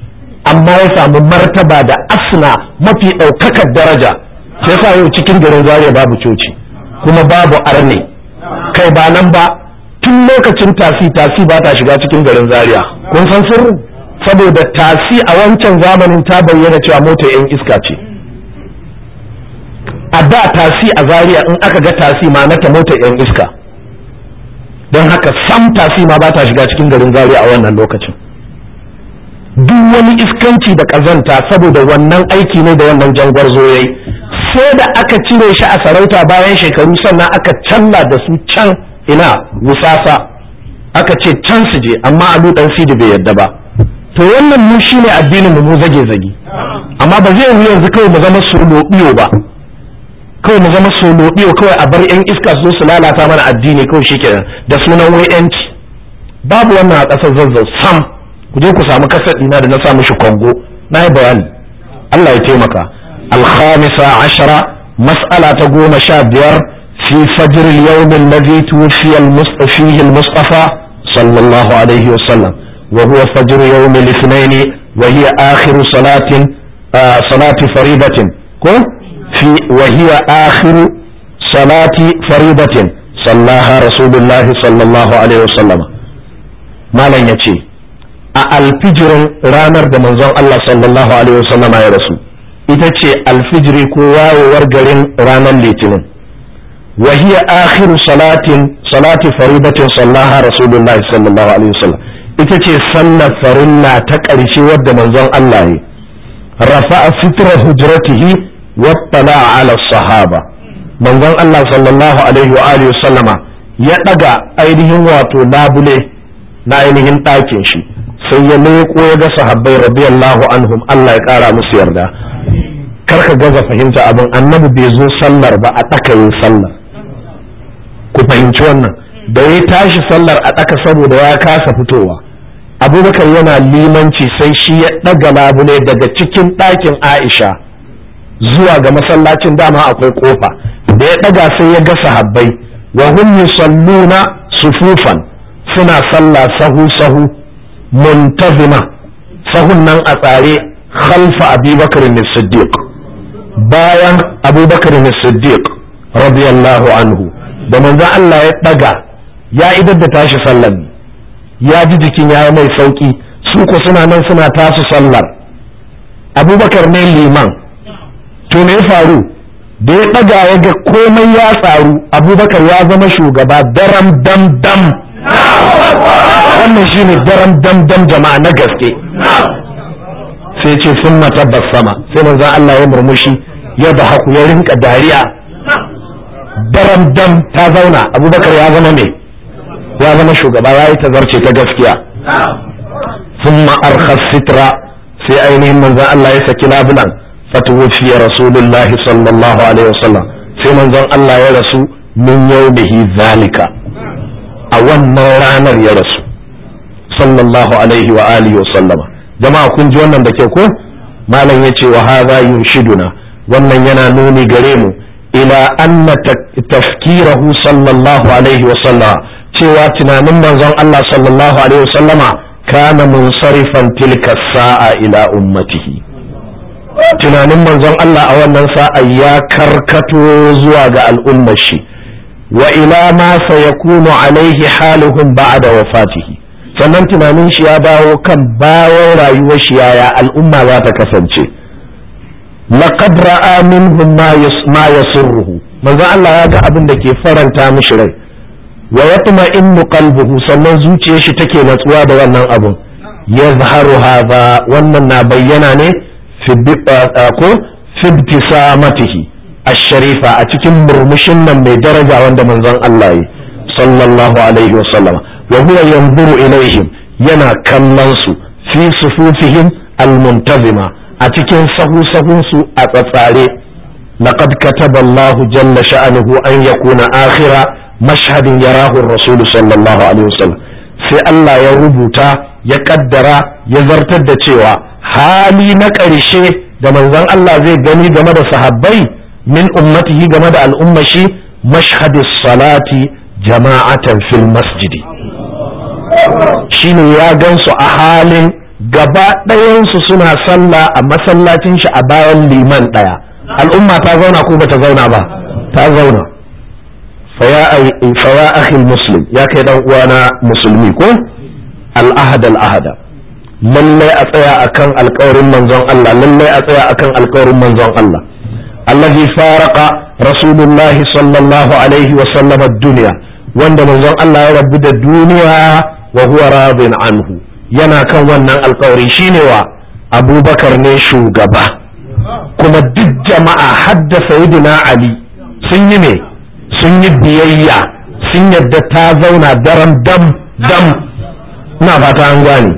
amma ya samu martaba da asna mafi ɗaukakar daraja sai sa yau cikin garin zaria babu coci kuma babu arne kai ba nan ba tun lokacin tasi tasi ba ta shiga cikin garin zaria kun san sirri? saboda tasi a wancan zamanin ta bayyana cewa mota yan iska ce a da tasi a zaria in aka ga tasi ma na ta mota yan iska don haka sam tasi ma ba ta shiga cikin garin zaria a wannan lokacin duk wani iskanci da kazanta saboda wannan aiki ne da wannan jangwar zoyai sai da aka cire shi a sarauta bayan shekaru sannan aka canla da su can ina musasa aka ce can su je amma alu dan sidi bai yadda ba to wannan mu shine addinin mu mu zage zage amma ba zai yi yanzu kawai mu zama lobiyo ba kawai mu zama solobiyo kawai a bar yan iska su su lalata mana addini kawai shikenan da sunan wai yanci babu wannan a kasar zazzau sam ku je ku samu kasar ɗina da na sa mishi kongo na yi bayani Allah ya taimaka al-khamisa 10 mas'ala ta goma sha biyar في فجر اليوم الذي توفي المصطفى فيه المصطفى صلى الله عليه وسلم وهو فجر يوم الاثنين وهي آخر صلاة آه صلاة فريضة في وهي آخر صلاة فريضة صلاها رسول الله صلى الله عليه وسلم ما لن يتي الفجر رانر da manzon Allah sallallahu alaihi wasallama ya rasu ita ce alfijiri ko wayewar garin ranar litinin wa hiya akhiru salatin salati faridatin sallaha rasulullahi sallallahu alaihi wasallam ita ce sallar farinna ta ƙarshe wadda manzon Allah ne rafa'a fitra hujratihi wattala ala sahaba manzon Allah sallallahu alaihi wa alihi ya daga ainihin wato labule na ainihin ɗakin shi sai ya leƙo ya ga sahabbai radiyallahu anhum Allah ya ƙara musu yarda karka gaza fahimta abin annabi bai zo sallar ba a ɗakayin sallar ku fahimci wannan da ya tashi sallar a ɗaka saboda ya kasa fitowa abubakar yana limanci sai shi ya ɗaga labule daga cikin ɗakin aisha zuwa ga masallacin dama akwai kofa da ya ɗaga sai ya gasa habbai, wa hum yusalluna sufufan suna sallah sahu sahu muntazima sahun nan a tsare khalfa abubakar ne siddiq bayan abubakar ne siddiq radiyallahu anhu da manzon Allah ya daga ya idar da tashi sallar ya ji jikin ya mai sauki su ko suna nan suna tashi sallar abubakar ne liman to me ya faru da ya daga ya ga komai ya tsaru abubakar ya zama shugaba daram dam dam wannan shine daram dam dam jama'a na gaske sai ce sun tabbasa sama sai manzon Allah ya murmushi ya da haku ya rinka dariya daren dan ta zauna abubakar ya zama ne ya zama shugaba ya yi tazarce ta gaskiya sun ma'arkar sitra sai ainihin manzan Allah ya saki labulan rasu rasulullahi sallallahu alaihi wasallam sai manzan Allah ya rasu min yau zalika a wannan ranar ya rasu sallallahu alaihi wa alihi wasallama jama'a kun ji wannan da ke ko malam ya ce wa haza yunshiduna wannan yana nuni gare mu ila anna tafkirahu sallallahu alaihi wasallama cewa tunanin manzon Allah sallallahu alaihi wasallama kana munsarifan tilka sa'a ila ummatihi tunanin manzon Allah a wannan sa'a ya karkato zuwa ga al'ummar shi wa ila ma sayakunu alaihi haluhum ba'da wafatihi sannan tunanin shi ya dawo kan bayan rayuwar shi yaya al'umma za ta kasance laqad ra'a minhum ma yasma yasurruhu manzo Allah ya ga abin da ke faranta mishi rai wa yatma innu qalbuhu sannan zuciyar shi take natsuwa da wannan abun yazharu hadha wannan na bayyana ne fi ko fi ibtisamatihi ash-sharifa a cikin murmushin nan mai daraja wanda manzon Allah yi sallallahu alaihi wa sallama wa huwa yanzuru ilaihim yana kallon su fi sufufihim al-muntazima a cikin sahu-sahunsu a tsatsare laqad kataba Allah jalla sha'anuhu an yakuna akhira mashhadin yarahu ar-rasul sallallahu alaihi wasallam sai Allah ya rubuta ya ƙaddara ya zartar da cewa hali na ƙarshe da manzon Allah zai gani game da sahabai min ummatihi game da al'ummar shi mashhadis salati jama'atan fil masjidi shine ya gansu a halin gaba ɗayansu suna sallah a masallacin shi a bayan liman ɗaya al'umma ta zauna ko bata zauna ba ta zauna fawa akhil muslim ya kai dan uwana musulmi ko al'ahad al'ahada lallai a tsaya akan alƙawarin manzon Allah lallai a tsaya akan alƙawarin manzon Allah allazi faraka rasulullahi sallallahu alaihi wa sallam ad-dunya wanda manzon Allah ya rabu da duniya wa huwa radin anhu yana kan wannan alkawari shine wa abubakar ne shugaba kuma duk jama'a hadda sayidina ali sun yi ne sun yi biyayya sun yadda ta zauna daren dam dam na fata an gwani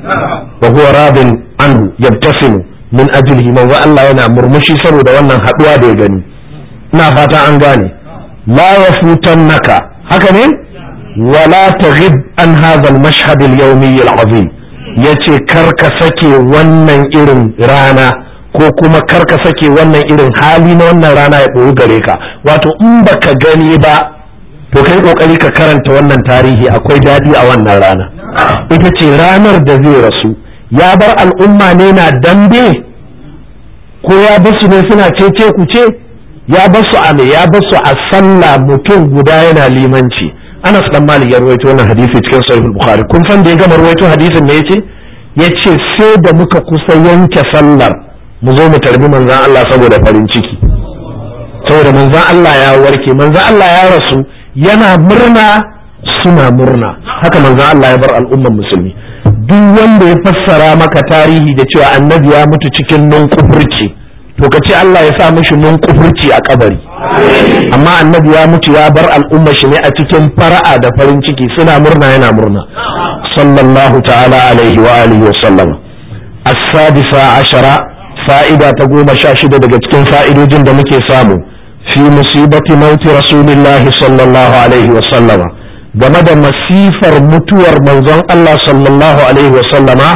Ba kuwa rabin anhu yabtasimu min ajlihi man wa Allah yana murmushi saboda wannan haduwa da ya gani na fata an gane la naka. haka ne wala taghib an hadha al-mashhad al-yawmi al-azim ya ce karka sake wannan irin rana ko kuma karka sake wannan irin hali na wannan rana ya ɓoyi gare ka wato in baka gani ba to kai kokari ka karanta wannan tarihi akwai daɗi a wannan rana ita ce ranar da zai rasu ya bar al'umma ne na dambe ko ya basu ne suna cece ku ce ya basu a ya basu a sallah mutum guda yana limanci Anas dan Malik ya rawaito wannan hadisi cikin Sahih Bukhari kun san da ya gama rawaito hadisin ne yace yace sai da muka kusa yanke sallar mu zo mu tarbi manzon Allah saboda farin ciki saboda manzon Allah ya warke manzon Allah ya rasu yana murna suna murna haka manzon Allah ya bar al'ummar musulmi duk wanda ya fassara maka tarihi da cewa annabi ya mutu cikin nan kufurci to ka ce Allah ya sa mishi mun kufurci a kabari amma annabi ya mutu ya bar al'umma shi ne a cikin fara'a da farin ciki suna murna yana murna sallallahu ta'ala alaihi wa alihi wa sallam as-sadisa ashara fa'ida ta goma sha shida daga cikin fa'idojin da muke samu fi musibati mauti rasulillahi sallallahu alaihi wa sallama game da masifar mutuwar manzon Allah sallallahu alaihi wa sallama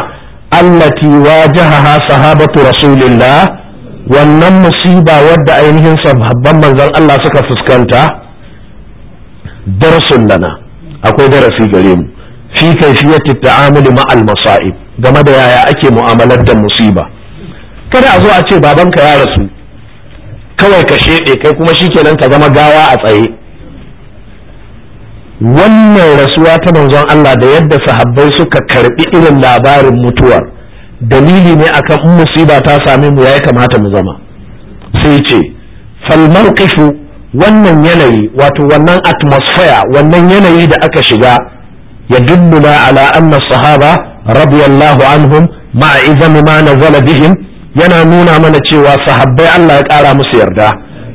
allati wajaha, sahabatu rasulillah wannan musiba wadda ainihin sahabban manzon Allah suka fuskanta darsun lana akwai darasi gare mu fi kaifiyati ta'amul ma'al masa'ib game da yaya ake mu'amalar da musiba kada a zo a ce babanka ya rasu kawai ka shede kai kuma shikenan ka zama gawa a tsaye wannan rasuwa ta manzon Allah da yadda sahabbai suka karbi irin labarin mutuwar dalili ne akan in musiba ta same mu ya kamata mu zama sai ce fal mawqifu wannan yanayi wato wannan atmosphere wannan yanayi da aka shiga ya dubbula ala anna sahaba radiyallahu anhum ma'a idan ma nazala bihim yana nuna mana cewa sahabbai Allah ya kara musu yarda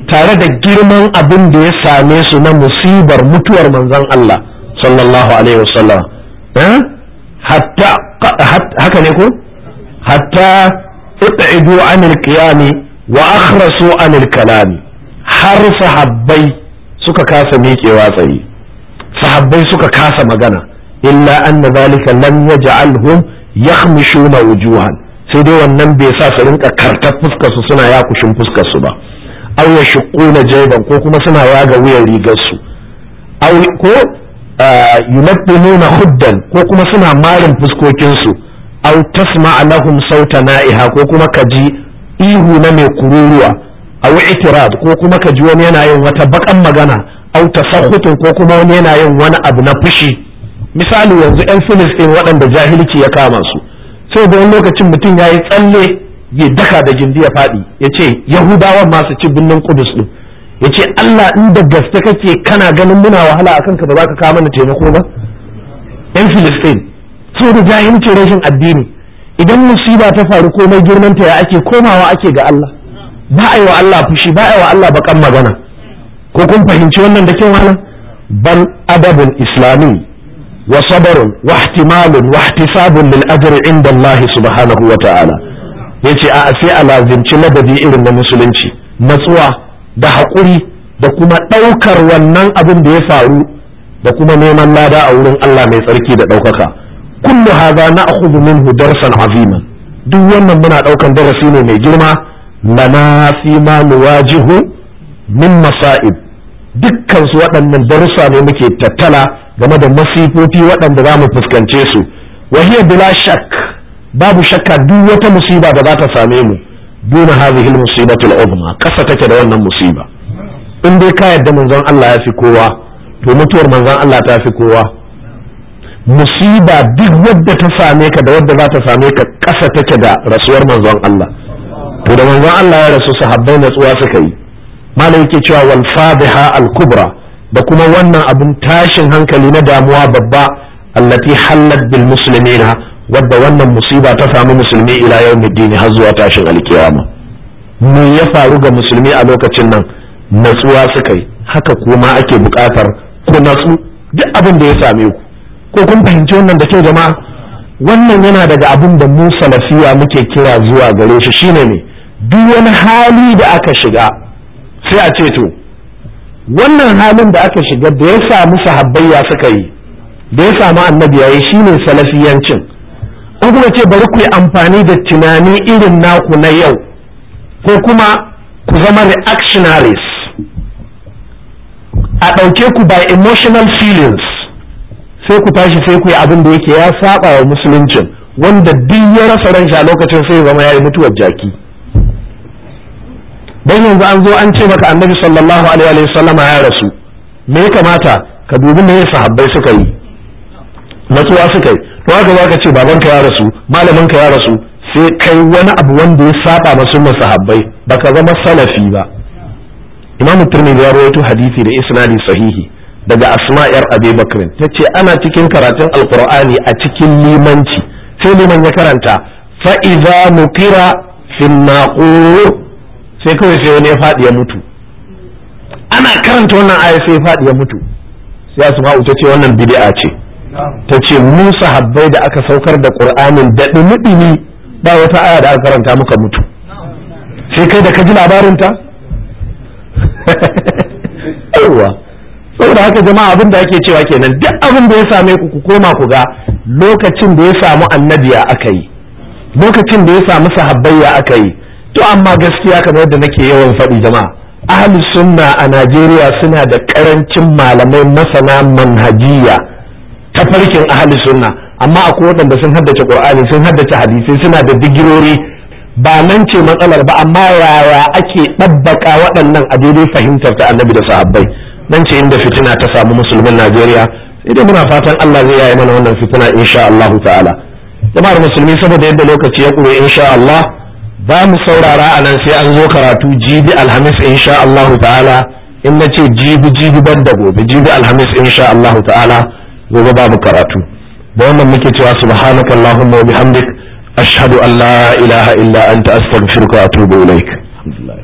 tare da girman abin da ya same su na musibar mutuwar manzon Allah sallallahu alaihi wasallam eh? hatta haka ne ko hatta ib'idu anil qiyami wa an anil kalami har sahabbai suka kasa miƙewa tsaye sahabbai suka kasa magana illa anna zalika lam yaj'alhum yakhmishuna wujuhan sai dai wannan bai sa su rinka kartar fuskar su suna yakushin fuskar su ba aw yashquna jayban ko kuma suna yaga wuyan rigar su aw ko yunabbinuna huddan ko kuma suna marin fuskokinsu. aw tasma lahum sauta na'iha ko kuma ka ihu na mai kururuwa aw itirad ko kuma ka wani yana yin wata bakan magana aw tasakhutun ko kuma wani yana yin wani abu na fushi misali yanzu yan filistin waɗanda jahilci ya kama su sai da wani lokacin mutum yayi tsalle ya daka da gindi ya faɗi yace ce yahudawan masu ci birnin kudus ɗin yace allah in da gaske kake kana ganin muna wahala a kanka ba za ka kama ni taimako ba yan filistin sai da jahilci rashin addini idan musiba ta faru komai girmanta ya ake komawa ake ga Allah ba a yi wa Allah fushi ba a yi wa Allah bakan magana ko kun fahimci wannan da kyau malam bal adabul islami wa sabarun wa ihtimalun wa ihtisabun lil ajri inda Allah subhanahu wa ta'ala yace a sai a lazimci ladabi irin na musulunci natsuwa da haƙuri da kuma ɗaukar wannan abin da ya faru da kuma neman lada a wurin Allah mai tsarki da ɗaukaka kullu hadha na'khudhu minhu darsan azima duk wannan muna daukan darasi ne mai girma lana fi ma nuwajihu min masa'ib dukkan su waɗannan darussa ne muke tattala game da masifofi waɗanda za mu fuskance su wahiya bila shak babu shakka duk wata musiba da za ta same mu duna hadhihi al-musibatu al kasa take da wannan musiba in dai ka yadda manzon Allah ya fi kowa to mutuwar manzon Allah ta kowa musiba duk wadda ta same ka da wadda za ta same ka ƙasa take da rasuwar manzon Allah to da manzon Allah ya rasu sahabbai natsuwa suka yi malam yake cewa wal fadiha al kubra da kuma wannan abin tashin hankali na damuwa babba allati hallat bil muslimina wadda wannan musiba ta samu musulmi ila yawmiddin har zuwa tashin alkiyama me ya faru ga musulmi a lokacin nan natsuwa suka yi haka kuma ake bukatar ku natsu duk abin da ya same ku ko kun fahimci wannan da kyau jama'a wannan yana daga abin da mu salafiya muke kira zuwa gare shi shine ne duk wani hali da aka shiga sai a ce to wannan halin da aka shiga da ya samu sahabbaiya suka yi da ya samu annabi yayi shine salafiyancin in kuma ce bari ku yi amfani da tunani irin naku na yau ko kuma ku zama reactionaries a ɗauke ku by emotional feelings sai ku tashi sai ku yi abin da yake ya saba wa musuluncin wanda duk ya rasa ran shi a lokacin sai zama yayi mutuwar jaki dan yanzu an zo an ce maka annabi sallallahu alaihi wa sallama ya rasu me ya kamata ka dubi me sahabbai suka yi natsuwa suka yi to haka ka ce babanka ya rasu malamin ka ya rasu sai kai wani abu wanda ya saba ma sunnar sahabbai baka zama salafi ba imam turmi ya rawaito hadisi da isnadi sahihi daga asma'ir abi bakrin ta ce ana cikin karatun alkur'ani a cikin limanci sai liman ya karanta fa'iza mukira fin sai kawai sai wani ya faɗi ya mutu ana karanta wannan aya sai ya faɗi ya mutu sai asma'u ta ce wannan bid'a ce ta ce Musa Habbai da aka saukar da qur'anin da dumi ba wata aya da aka karanta muka mutu sai kai da ka ji labarinta [LAUGHS] saboda haka jama'a abin da ake cewa kenan duk abin da ya same ku ku koma ku ga lokacin da ya samu annabi ya aka yi lokacin da ya samu sahabbaiya aka yi to amma gaskiya kamar yadda nake yawan faɗi jama'a ahli sunna a Najeriya suna da karancin malamai masana manhajiya ta farkin ahli sunna amma akwai waɗanda sun haddace Qur'ani sun haddace hadisi suna da digirori ba nan ce matsalar ba amma yaya ake ɗabbaka waɗannan a daidai fahimtar ta annabi da sahabbai dan ce inda fitina ta samu musulmin Najeriya sai muna fatan Allah zai yaye mana wannan fitina insha Allahu ta'ala jama'ar musulmi saboda yadda lokaci ya kure insha Allah za mu saurara a nan sai an zo karatu jibi alhamis insha Allahu ta'ala in na ce jibi jibi ban da gobe jibi alhamis insha Allahu ta'ala gobe babu karatu da wannan muke cewa subhanakallahumma wa bihamdik ashhadu an la ilaha illa anta astaghfiruka wa atubu ilaik alhamdulillah